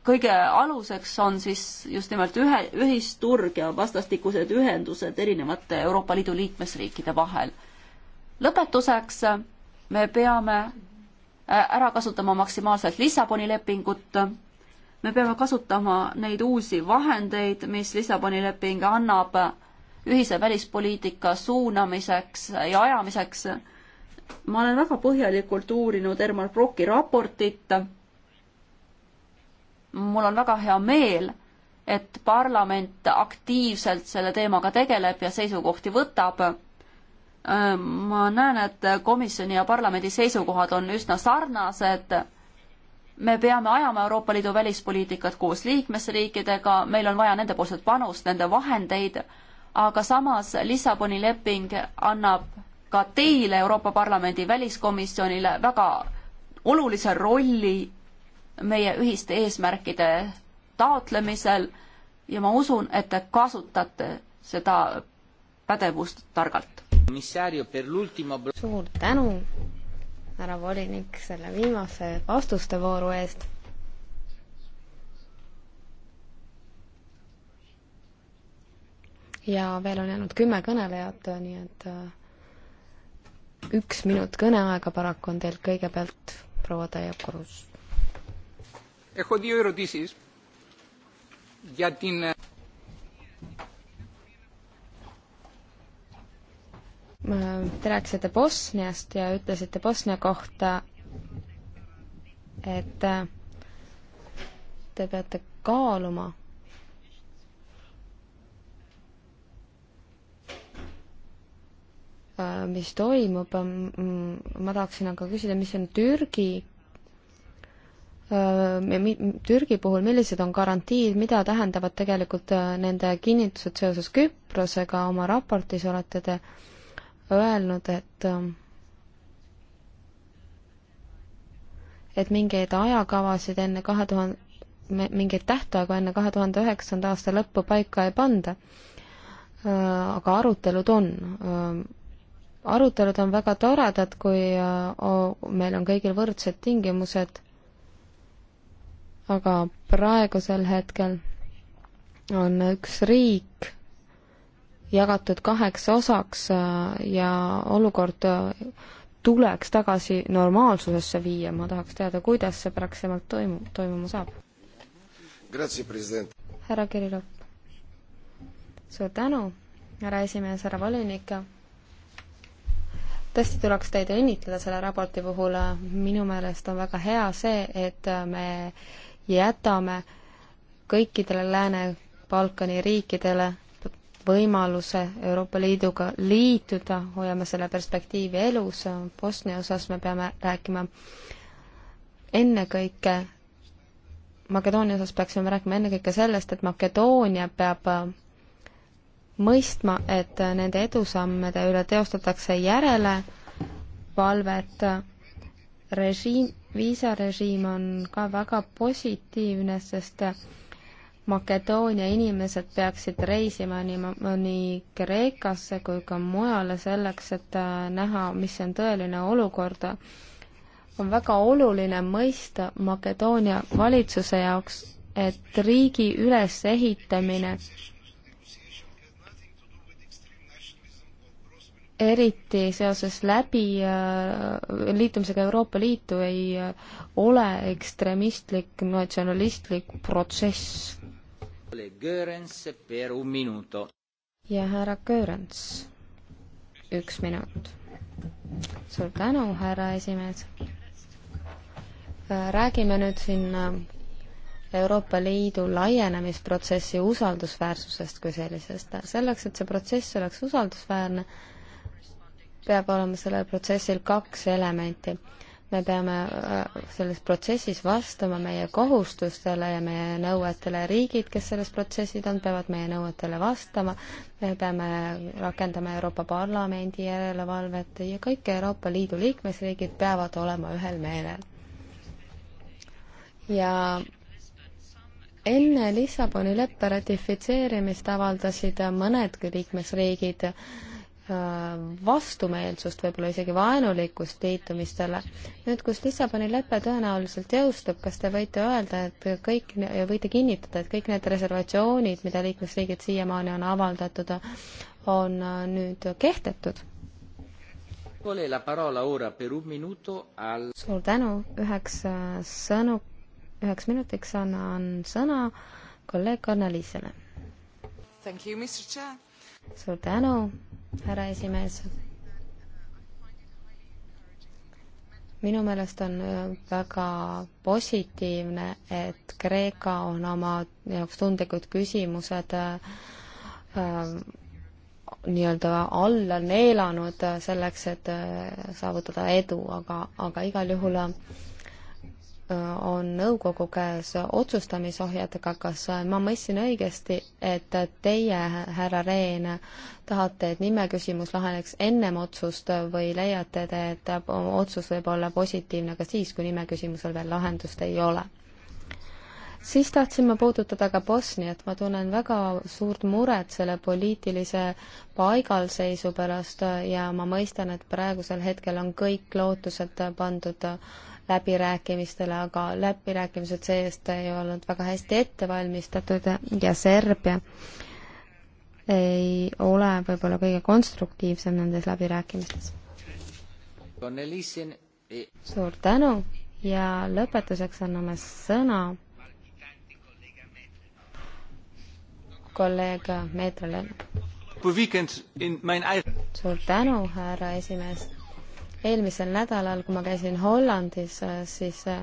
kõige aluseks on siis just nimelt ühe, ühisturg ja vastastikused ühendused erinevate Euroopa Liidu liikmesriikide vahel. lõpetuseks me peame äh, ära kasutama maksimaalselt Lissaboni lepingut, me peame kasutama neid uusi vahendeid, mis Lissaboni leping annab ühise välispoliitika suunamiseks ja ajamiseks. ma olen väga põhjalikult uurinud Ermar Broki raportit mul on väga hea meel, et parlament aktiivselt selle teemaga tegeleb ja seisukohti võtab. ma näen, et komisjoni ja parlamendi seisukohad on üsna sarnased. me peame ajama Euroopa Liidu välispoliitikat koos liikmesriikidega, meil on vaja nendepoolset panust, nende vahendeid, aga samas Lissaboni leping annab ka teile, Euroopa Parlamendi väliskomisjonile, väga olulise rolli meie ühiste eesmärkide taotlemisel ja ma usun, et te kasutate seda pädevust targalt. suur tänu, härra volinik, selle viimase vastuste vooru eest. ja veel on jäänud kümme kõnelejat, nii et äh, üks minut kõneaega paraku on teil kõigepealt proua Täie Korus Έχω δύο ερωτήσεις για την... Te rääkisite Bosniast ja ütlesite Bosnia kohta, et te peate kaaluma mis toimub, ma tahaksin aga küsida, mis on Türgi Türgi puhul, millised on garantiid, mida tähendavad tegelikult nende kinnitused seoses Küprosega, oma raportis olete te öelnud, et et mingeid ajakavasid enne kahe tuhande, mingeid tähtaegu enne kahe tuhande üheksanda aasta lõppu paika ei panda. aga arutelud on arutelud on väga toredad, kui meil on kõigil võrdsed tingimused aga praegusel hetkel on üks riik jagatud kaheks osaks äh, ja olukord äh, tuleks tagasi normaalsusesse viia, ma tahaks teada, kuidas see praktiliselt toimu-, toimuma saab. härra Kirillov. suur tänu, härra esimees, härra volinik. tõesti tuleks teid õnnitleda selle raporti puhul, minu meelest on väga hea see, et me äh, jätame kõikidele Lääne-Balkani riikidele võimaluse Euroopa Liiduga liituda, hoiame selle perspektiivi elus, Bosnia osas me peame rääkima ennekõike, Makedoonia osas peaksime rääkima ennekõike sellest, et Makedoonia peab äh, mõistma, et äh, nende edusammede üle teostatakse järelevalvet äh, režiim, viisarežiim on ka väga positiivne, sest Makedoonia inimesed peaksid reisima nii, nii Kreekasse kui ka mujale selleks, et äh, näha, mis on tõeline olukord. on väga oluline mõista Makedoonia valitsuse jaoks, et riigi ülesehitamine eriti seoses läbi äh, liitumisega Euroopa Liitu ei äh, ole ekstremistlik natsionalistlik protsess. ja härra Görens, üks minut. suur tänu, härra esimees. Äh, räägime nüüd siin Euroopa Liidu laienemisprotsessi usaldusväärsusest kui sellisest. selleks, et see protsess oleks usaldusväärne, peab olema sellel protsessil kaks elementi. me peame äh, selles protsessis vastama meie kohustustele ja meie nõuetele, riigid, kes selles protsessis on, peavad meie nõuetele vastama, me peame rakendama Euroopa Parlamendi järelevalvet ja kõik Euroopa Liidu liikmesriigid peavad olema ühel meelel. ja enne Lissaboni leppe ratifitseerimist avaldasid mõnedki liikmesriigid äh, Äh, vastumeelsust, võib-olla isegi vaenulikkust liitumistele. nüüd, kus Lissaboni lepe tõenäoliselt jõustub, kas te võite öelda, et kõik, võite kinnitada, et kõik need reservatsioonid, mida liikmesriigid siiamaani on avaldatud, on äh, nüüd kehtetud? Al... suur tänu, üheks äh, sõnu, üheks minutiks annan sõna kolleeg Anneliisele. Thank you, Mr Chair suur tänu, härra esimees. minu meelest on äh, väga positiivne, et Kreeka on oma jaoks tundlikud küsimused äh, äh nii-öelda alla neelanud selleks, et äh, saavutada edu, aga, aga igal juhul äh, on nõukogu käes otsustamisohjadega, kas ma mõistsin õigesti, et teie, härra Rehn, tahate, et nimeküsimus laheneks ennem otsust või leiate te, et otsus võib olla positiivne ka siis, kui nimeküsimusel veel lahendust ei ole? siis tahtsin ma puudutada ka Bosniat, ma tunnen väga suurt muret selle poliitilise paigalseisu pärast ja ma mõistan, et praegusel hetkel on kõik lootused pandud läbirääkimistele, aga läbirääkimised see-eest ei olnud väga hästi ette valmistatud ja Serbia ei ole võib-olla kõige konstruktiivsem nendes läbirääkimistes. suur tänu ja lõpetuseks anname sõna kolleeg Meetrale. suur tänu, härra esimees eelmisel nädalal, kui ma käisin Hollandis, äh, siis äh,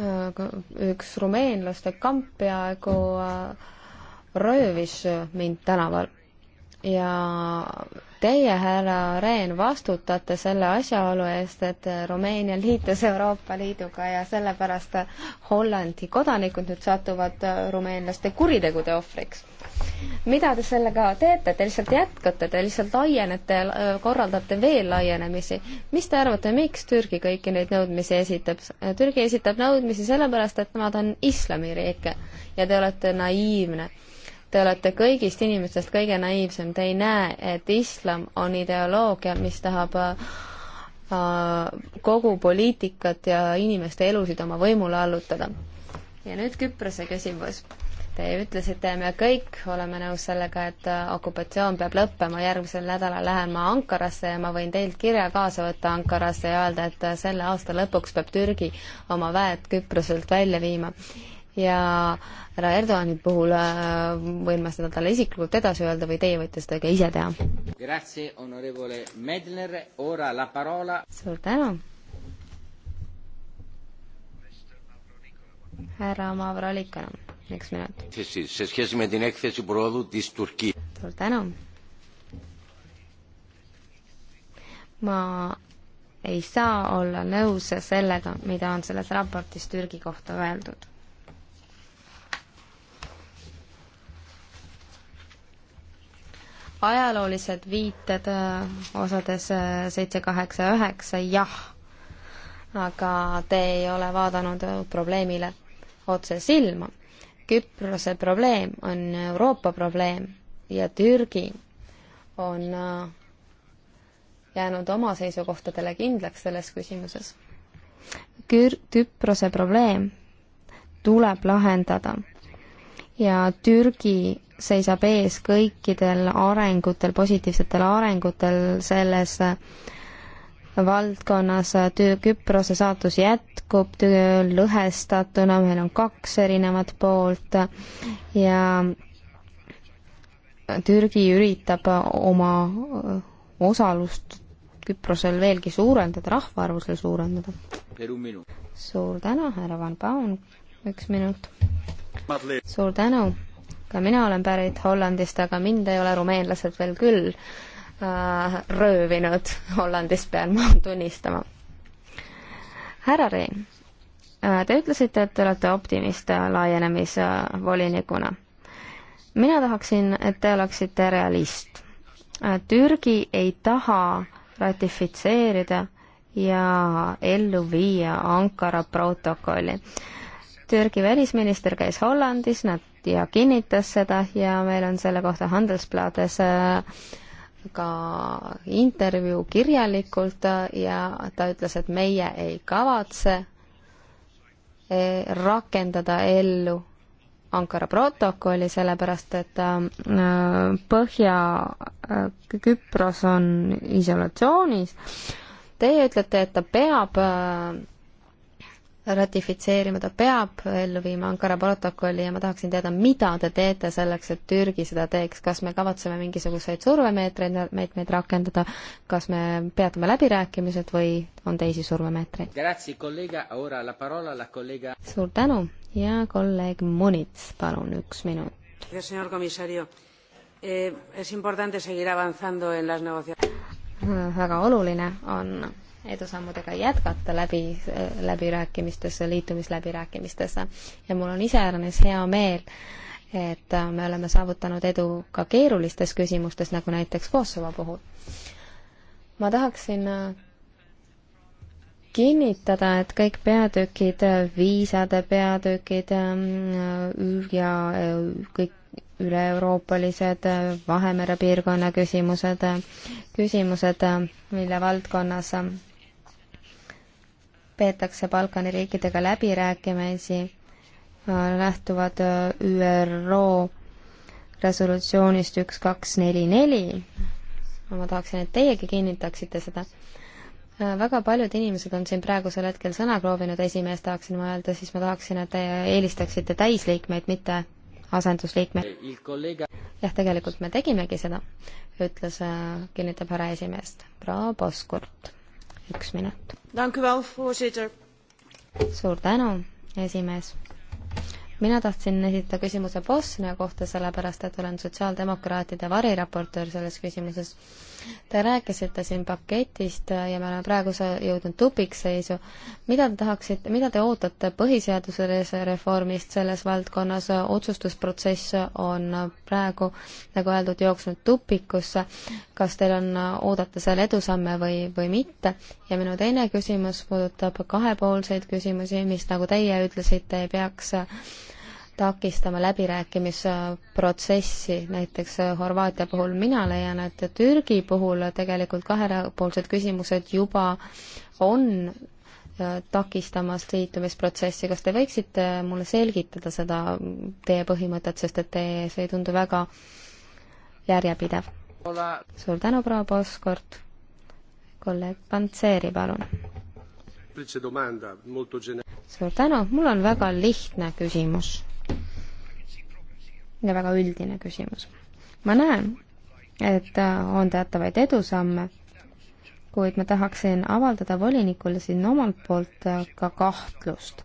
äh, üks rumeenlaste kamp peaaegu röövis mind tänaval ja teie, härra Rehn, vastutate selle asjaolu eest, et Rumeenia liitus Euroopa Liiduga ja sellepärast Hollandi kodanikud nüüd satuvad äh, rumeenlaste kuritegude ohvriks. mida te sellega teete, te lihtsalt jätkate, te lihtsalt laienete, äh, korraldate veel laienemisi. mis te arvate, miks Türgi kõiki neid nõudmisi esitab? Türgi esitab nõudmisi sellepärast, et nemad on islamiriik ja te olete naiivne Te olete kõigist inimestest kõige naiivsem, te ei näe, et islam on ideoloogia, mis tahab äh, äh, kogu poliitikat ja inimeste elusid oma võimule allutada. ja nüüd Küprose küsimus. Te ütlesite, me kõik oleme nõus sellega, et äh, okupatsioon peab lõppema, järgmisel nädalal lähen ma Ankarasse ja ma võin teilt kirja kaasa võtta Ankarasse ja öelda, et selle aasta lõpuks peab Türgi oma väed Küproselt välja viima ja härra Erdoani puhul äh, võin ma seda talle isiklikult edasi öelda või teie võite seda ka ise teha. suur tänu. härra Mavrolikana, üks minut. suur tänu. ma ei saa olla nõus sellega, mida on selles raportis Türgi kohta öeldud ajaloolised viited äh, osades äh, seitse, kaheksa, üheksa, jah, aga te ei ole vaadanud äh, probleemile otse silma. Küprose probleem on Euroopa probleem ja Türgi on jäänud oma seisukohtadele kindlaks selles küsimuses. Kür-, Küprose probleem tuleb lahendada ja Türgi seisab ees kõikidel arengutel, positiivsetel arengutel selles valdkonnas, töö Küprose saatus jätkub, töö on lõhestatuna, meil on kaks erinevat poolt ja Türgi üritab oma osalust Küprosel veelgi suurendada, rahvaarvu seal suurendada. suur tänu, härra Van Paun, üks minut. suur tänu ka mina olen pärit Hollandist, aga mind ei ole rumeenlased veel küll äh, röövinud Hollandist, pean ma tunnistama. härra Rein äh,, te ütlesite, et te olete optimist laienemisvolinikuna äh,. mina tahaksin, et te oleksite realist äh,. Türgi ei taha ratifitseerida ja ellu viia Ankara protokolli äh, Türgi välisminister käis Hollandis, nad ja kinnitas seda ja meil on selle kohta Handelsblades äh, ka intervjuu kirjalikult äh, ja ta ütles, et meie ei kavatse äh, rakendada ellu Ankara protokolli, sellepärast et Põhja-Küpros on isolatsioonis. Teie ütlete, et ta peab ratifitseerima ta peab, ellu viima Ankara protokolli ja ma tahaksin teada, mida te teete selleks, et Türgi seda teeks, kas me kavatseme mingisuguseid survemeetreid, meetmeid rakendada, kas me peatame läbirääkimised või on teisi survemeetreid? suur tänu ja kolleeg Munits, palun, üks minut. Eh, väga oluline on edusammudega jätkata läbi, läbirääkimistes, liitumisläbirääkimistes. ja mul on iseäranis hea meel, et me oleme saavutanud edu ka keerulistes küsimustes, nagu näiteks Kosovo puhul. ma tahaksin kinnitada, et kõik peatükid, viisade peatükid mm, ja äh, kõik üle-euroopalised Vahemere piirkonna küsimused, küsimused, mille valdkonnas peetakse Balkani riikidega läbirääkimisi, äh, lähtuvad äh, ÜRO resolutsioonist üks, kaks, neli, neli. ma tahaksin, et teiegi kinnitaksite seda. Äh, väga paljud inimesed on siin praegusel hetkel sõna proovinud, esimees tahaksin ma öelda, siis ma tahaksin, et te eelistaksite täisliikmeid, mitte asendusliikmeid. jah, tegelikult me tegimegi seda, ütles, kinnitab härra esimees, proua Poskurt üks minut. suur tänu, esimees. mina tahtsin esitada küsimuse Bosnia kohta, sellepärast et olen sotsiaaldemokraatide variraportöör selles küsimuses Te rääkisite siin paketist ja me oleme praegu jõudnud tupikseisu. mida te tahaksite, mida te ootate põhiseaduse reformist selles valdkonnas, otsustusprotsess on praegu, nagu öeldud, jooksnud tupikusse. kas teil on oodata seal edusamme või, või mitte? ja minu teine küsimus puudutab kahepoolseid küsimusi, mis, nagu teie ütlesite, ei peaks takistama läbirääkimisprotsessi, näiteks äh, Horvaatia puhul mina leian, et Türgi puhul tegelikult kahepoolsed küsimused juba on äh, takistamas liitumisprotsessi, kas te võiksite mulle selgitada seda teie põhimõtet, sest et teie see ei tundu väga järjepidev. suur tänu, proua Poskort. kolleeg Pantseri, palun. suur tänu, mul on väga lihtne küsimus ja väga üldine küsimus. ma näen, et äh, on teatavaid edusamme, kuid ma tahaksin avaldada volinikule siin omalt poolt äh, ka kahtlust.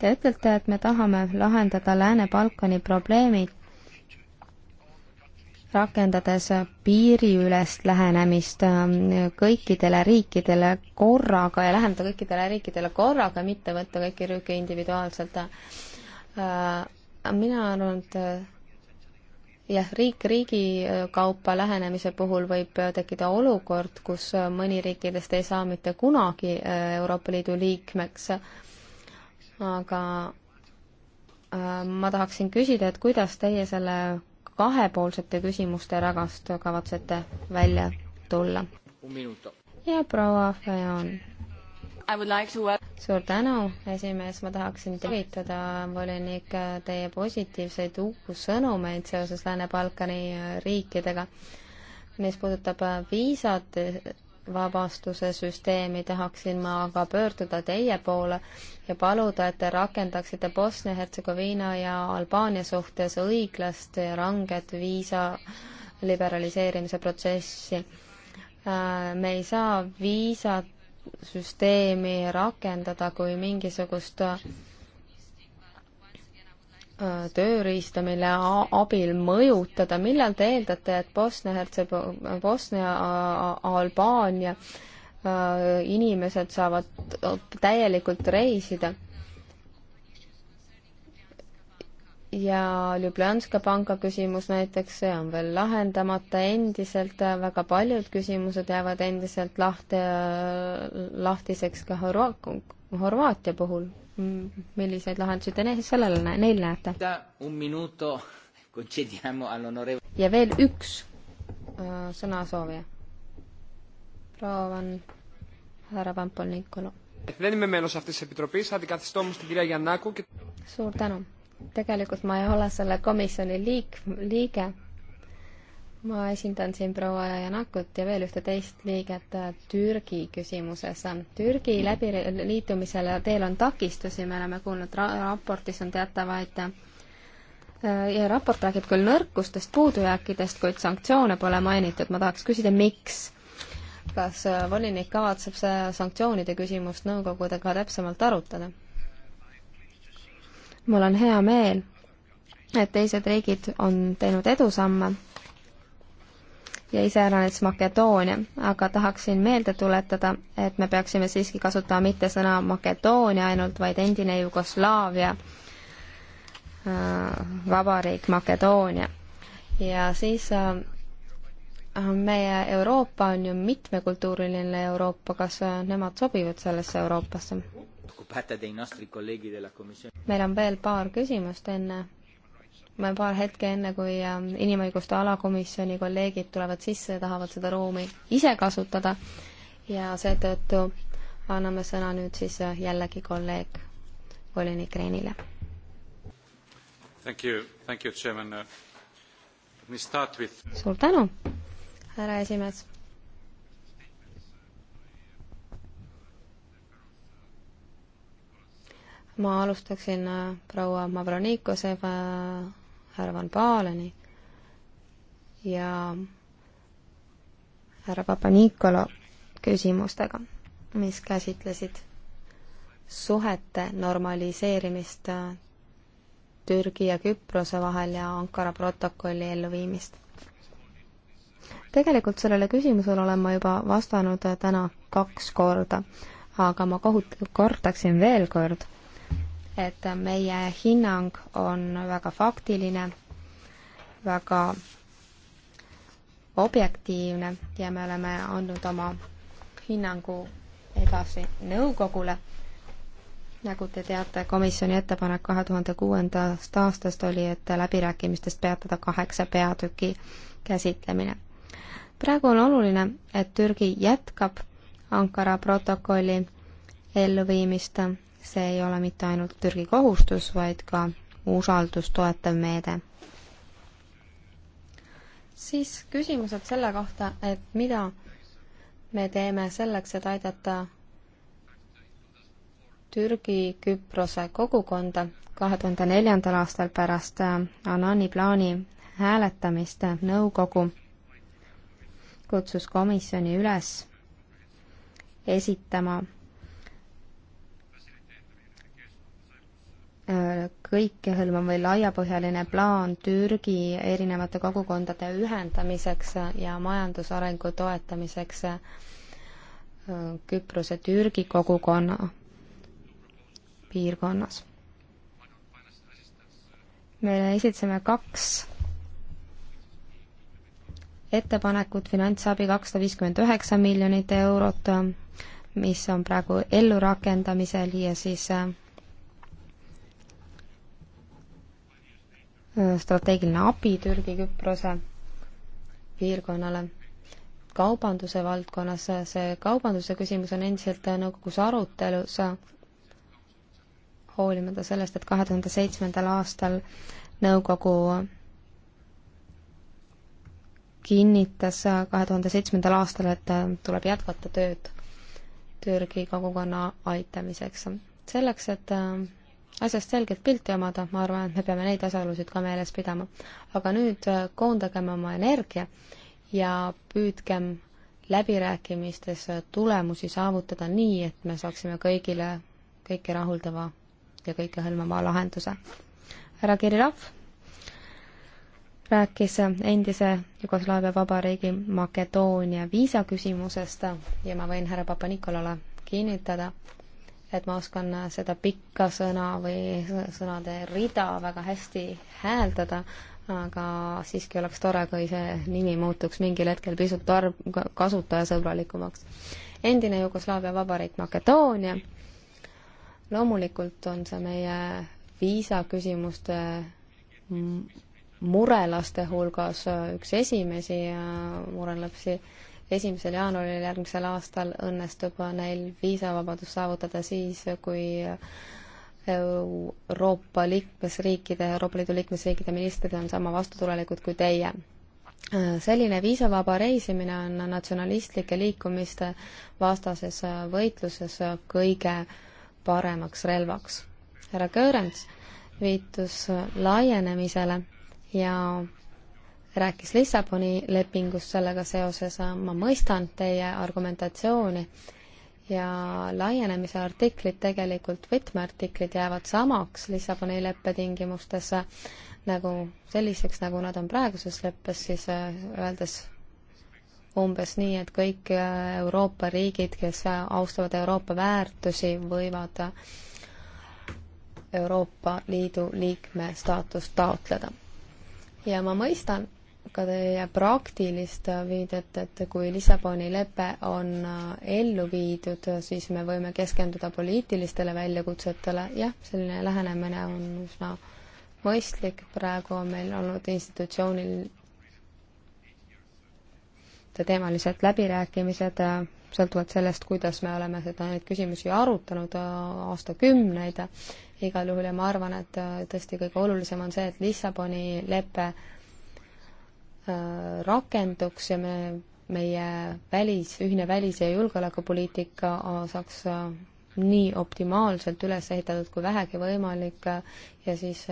Te ütlete, et me tahame lahendada Lääne-Balkani probleemid rakendades piiriülest lähenemist ähm, kõikidele riikidele korraga ja läheneda kõikidele riikidele korraga, mitte võtta kõiki riike individuaalselt. Äh, mina arvan, et jah, riik riigi äh, kaupa lähenemise puhul võib äh, tekkida olukord, kus äh, mõni riikidest ei saa mitte kunagi Euroopa Liidu liikmeks, aga ma tahaksin küsida, et kuidas teie selle kahepoolsete küsimuste ragast kavatsete välja tulla? ja proua Feon Like to... suur tänu, esimees, ma tahaksin tervitada volinik teie positiivseid uhkussõnumeid seoses Lääne-Balkani riikidega. mis puudutab viisat, vabastuse süsteemi tahaksin ma aga pöörduda teie poole ja paluda, et te rakendaksite Bosnia-Hertsegoviina ja Albaania suhtes õiglast ja ranget viisa liberaliseerimise protsessi. Äh, me ei saa viisat süsteemi rakendada kui mingisugust äh, tööriista, mille abil mõjutada, millal te eeldate, et Bosnia-Hertsego-, Bosnia-Albaania äh, inimesed saavad täielikult reisida? ja Ljubljanska panga küsimus näiteks, see on veel lahendamata endiselt, väga paljud küsimused jäävad endiselt lahti, lahtiseks ka Horva-, Horvaatia puhul. milliseid lahendusi te sellele, neil näete? ja veel üks äh, sõnasoovija. proua Van, härra Pampol-Nikolo. suur tänu tegelikult ma ei ole selle komisjoni liik-, liige, ma esindan siin proua Janakut ja veel ühte teist liiget äh, Türgi küsimuses. Türgi läbi liitumisele teel on takistusi, me oleme kuulnud ra-, raportis on teatavaid äh, ja raport räägib küll nõrkustest, puudujääkidest, kuid sanktsioone pole mainitud, ma tahaks küsida, miks? kas äh, volinik kavatseb see sanktsioonide küsimust nõukogudega täpsemalt arutada? mul on hea meel, et teised riigid on teinud edusamme ja iseäranis Makedoonia, aga tahaksin meelde tuletada, et me peaksime siiski kasutama mitte sõna Makedoonia ainult, vaid endine Jugoslaavia äh, vabariik Makedoonia. ja siis äh, meie Euroopa on ju mitmekultuuriline Euroopa, kas äh, nemad sobivad sellesse Euroopasse? meil on veel paar küsimust enne, me paar hetke enne, kui ähm, inimõiguste alakomisjoni kolleegid tulevad sisse ja tahavad seda ruumi ise kasutada ja seetõttu anname sõna nüüd siis äh, jällegi kolleeg volinik Reinile. Uh, with... suur tänu, härra esimees ma alustaksin äh, proua Mavronikoseva, äh, härra Van Baleni ja härra Papa-Nikolo küsimustega, mis käsitlesid suhete normaliseerimist äh, Türgi ja Küprose vahel ja Ankara protokolli elluviimist. tegelikult sellele küsimusele olen ma juba vastanud täna kaks korda, aga ma kohut-, kordaksin veel kord et meie hinnang on väga faktiline, väga objektiivne ja me oleme andnud oma hinnangu edasi nõukogule. nagu te teate, komisjoni ettepanek kahe tuhande kuuendast aastast oli, et läbirääkimistest peatada kaheksa peatüki käsitlemine. praegu on oluline, et Türgi jätkab Ankara protokolli elluviimist see ei ole mitte ainult Türgi kohustus, vaid ka usaldust toetav meede. siis küsimused selle kohta, et mida me teeme selleks, et aidata Türgi Küprose kogukonda kahe tuhande neljandal aastal pärast äh, Anani plaani hääletamist nõukogu kutsus komisjoni üles esitama kõikehõlmav või laiapõhjaline plaan Türgi erinevate kogukondade ühendamiseks ja majandusarengu toetamiseks äh, Küprose Türgi kogukonna piirkonnas. me esitasime kaks ettepanekut, finantsabi kakssada viiskümmend üheksa miljonit eurot, mis on praegu ellurakendamisel ja siis äh, strateegiline abi Türgi-Küprose piirkonnale. kaubanduse valdkonnas, see kaubanduse küsimus on endiselt äh, nõukogus arutelus, hoolimata sellest, et kahe tuhande seitsmendal aastal nõukogu kinnitas äh, kahe tuhande seitsmendal aastal, et äh, tuleb jätkata tööd Türgi kogukonna aitamiseks. selleks, et asjast selget pilti omada, ma arvan, et me peame neid asjaolusid ka meeles pidama. aga nüüd äh, koondagem oma energia ja püüdkem läbirääkimistes äh, tulemusi saavutada nii, et me saaksime kõigile kõike rahuldava ja kõikehõlmava lahenduse. härra Kirillov rääkis äh, endise Jugoslaavia Vabariigi Makedoonia viisaküsimusest ja ma võin härra Papanikolale kinnitada, et ma oskan seda pikka sõna või sõnade rida väga hästi hääldada, aga siiski oleks tore, kui see nimi muutuks mingil hetkel pisut arv-, kasutajasõbralikumaks. endine Jugoslaavia vabariik Makedoonia, loomulikult on see meie viisaküsimuste murelaste hulgas üks esimesi murelapsi esimesel jaanuaril järgmisel aastal õnnestub neil viisavabadus saavutada siis, kui Euroopa liikmesriikide, Euroopa Liidu liikmesriikide ministrid on sama vastutulelikud kui teie. selline viisavaba reisimine on natsionalistlike liikumiste vastases võitluses kõige paremaks relvaks. härra Kõõrents viitus laienemisele ja rääkis Lissaboni lepingust sellega seoses, ma mõistan teie argumentatsiooni ja laienemise artiklid tegelikult, võtmeartiklid jäävad samaks Lissaboni leppe tingimustes nagu selliseks, nagu nad on praeguses leppes, siis äh, öeldes umbes nii, et kõik äh, Euroopa riigid, kes austavad Euroopa väärtusi, võivad äh, Euroopa Liidu liikme staatust taotleda. ja ma mõistan, ka teie praktilist viidet, et kui Lissaboni lepe on äh, ellu viidud, siis me võime keskenduda poliitilistele väljakutsetele, jah, selline lähenemine on üsna mõistlik, praegu on meil olnud institutsioonil teemalised läbirääkimised, äh, sõltuvalt sellest, kuidas me oleme seda, neid küsimusi arutanud äh, aastakümneid, igal juhul ja ma arvan, et tõesti kõige olulisem on see, et Lissaboni lepe Äh, rakenduks ja me, meie välis, ühine välis- ja julgeolekupoliitika äh, saaks äh, nii optimaalselt üles ehitatud kui vähegi võimalik ja siis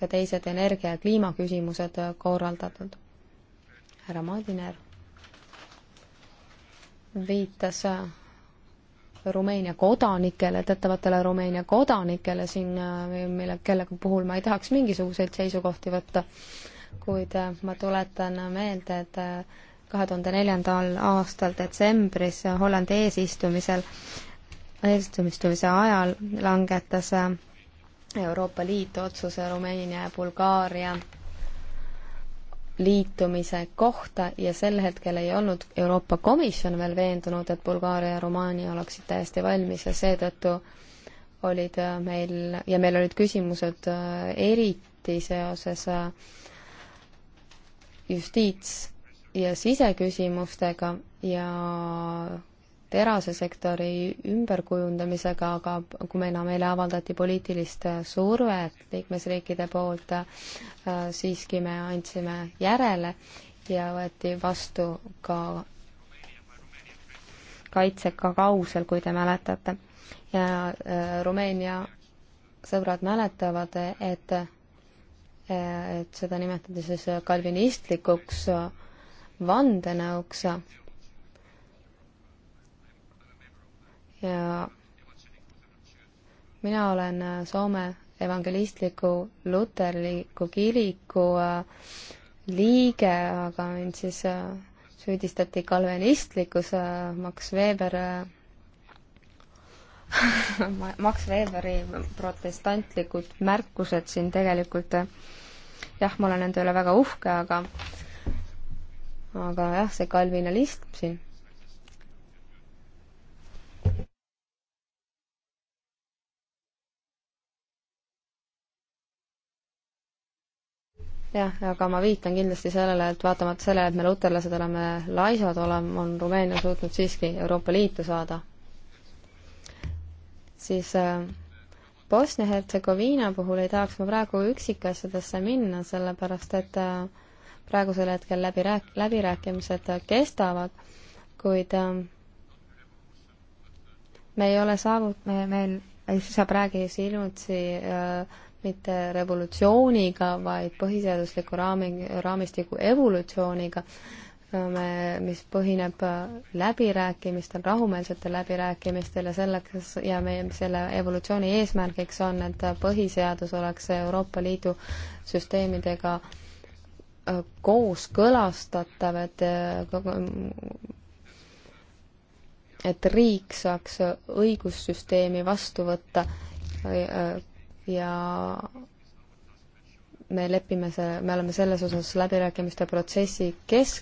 ka teised energia- ja kliimaküsimused korraldatud. härra Madiner viitas Rumeenia kodanikele, teatavatele Rumeenia kodanikele siin, mille, kelle puhul ma ei tahaks mingisuguseid seisukohti võtta kuid äh, ma tuletan meelde, et äh, kahe tuhande neljandal aastal detsembris Hollandi eesistumisel, eesistumistumise ajal langetas äh, Euroopa Liit otsuse Rumeenia ja Bulgaaria liitumise kohta ja sel hetkel ei olnud Euroopa Komisjon veel veendunud, et Bulgaaria ja Rumaania oleksid täiesti valmis ja seetõttu olid meil ja meil olid küsimused eriti seoses justiits- ja siseküsimustega ja terasesektori ümberkujundamisega, aga kui meile, meile avaldati poliitilist survet liikmesriikide poolt, äh, siiski me andsime järele ja võeti vastu ka kaitsekakausel, kui te mäletate. ja äh, Rumeenia sõbrad mäletavad, et et seda nimetati siis kalvinistlikuks vandenõuks. ja mina olen Soome evangelistliku luterliku kiriku äh, liige, aga mind siis äh, süüdistati kalvinistlikus, äh, Max Weber Max Weberi protestantlikud märkused siin tegelikult, jah, ma olen nende üle väga uhke, aga aga jah, see kalvinalism siin. jah, aga ma viitan kindlasti sellele, et vaatamata sellele, et me luterlased oleme laisad, oleme, on Rumeenia suutnud siiski Euroopa Liitu saada siis äh, Bosnia-Hertsegoviina puhul ei tahaks ma praegu üksikasjadesse minna, sellepärast et äh, praegusel hetkel läbi rääk-, läbirääkimised äh, kestavad, kuid me ei ole saavut-, me, meil ei seisa praegu silmitsi mitte revolutsiooniga, vaid põhiseadusliku raami, raamistiku evolutsiooniga me, mis põhineb läbirääkimistel, rahumeelsetel läbirääkimistel ja selleks ja meie selle evolutsiooni eesmärgiks on, et põhiseadus oleks Euroopa Liidu süsteemidega äh, kooskõlastatav, et äh, et riik saaks õigussüsteemi vastu võtta äh, ja me lepime see, me oleme selles osas läbirääkimiste protsessi kesk,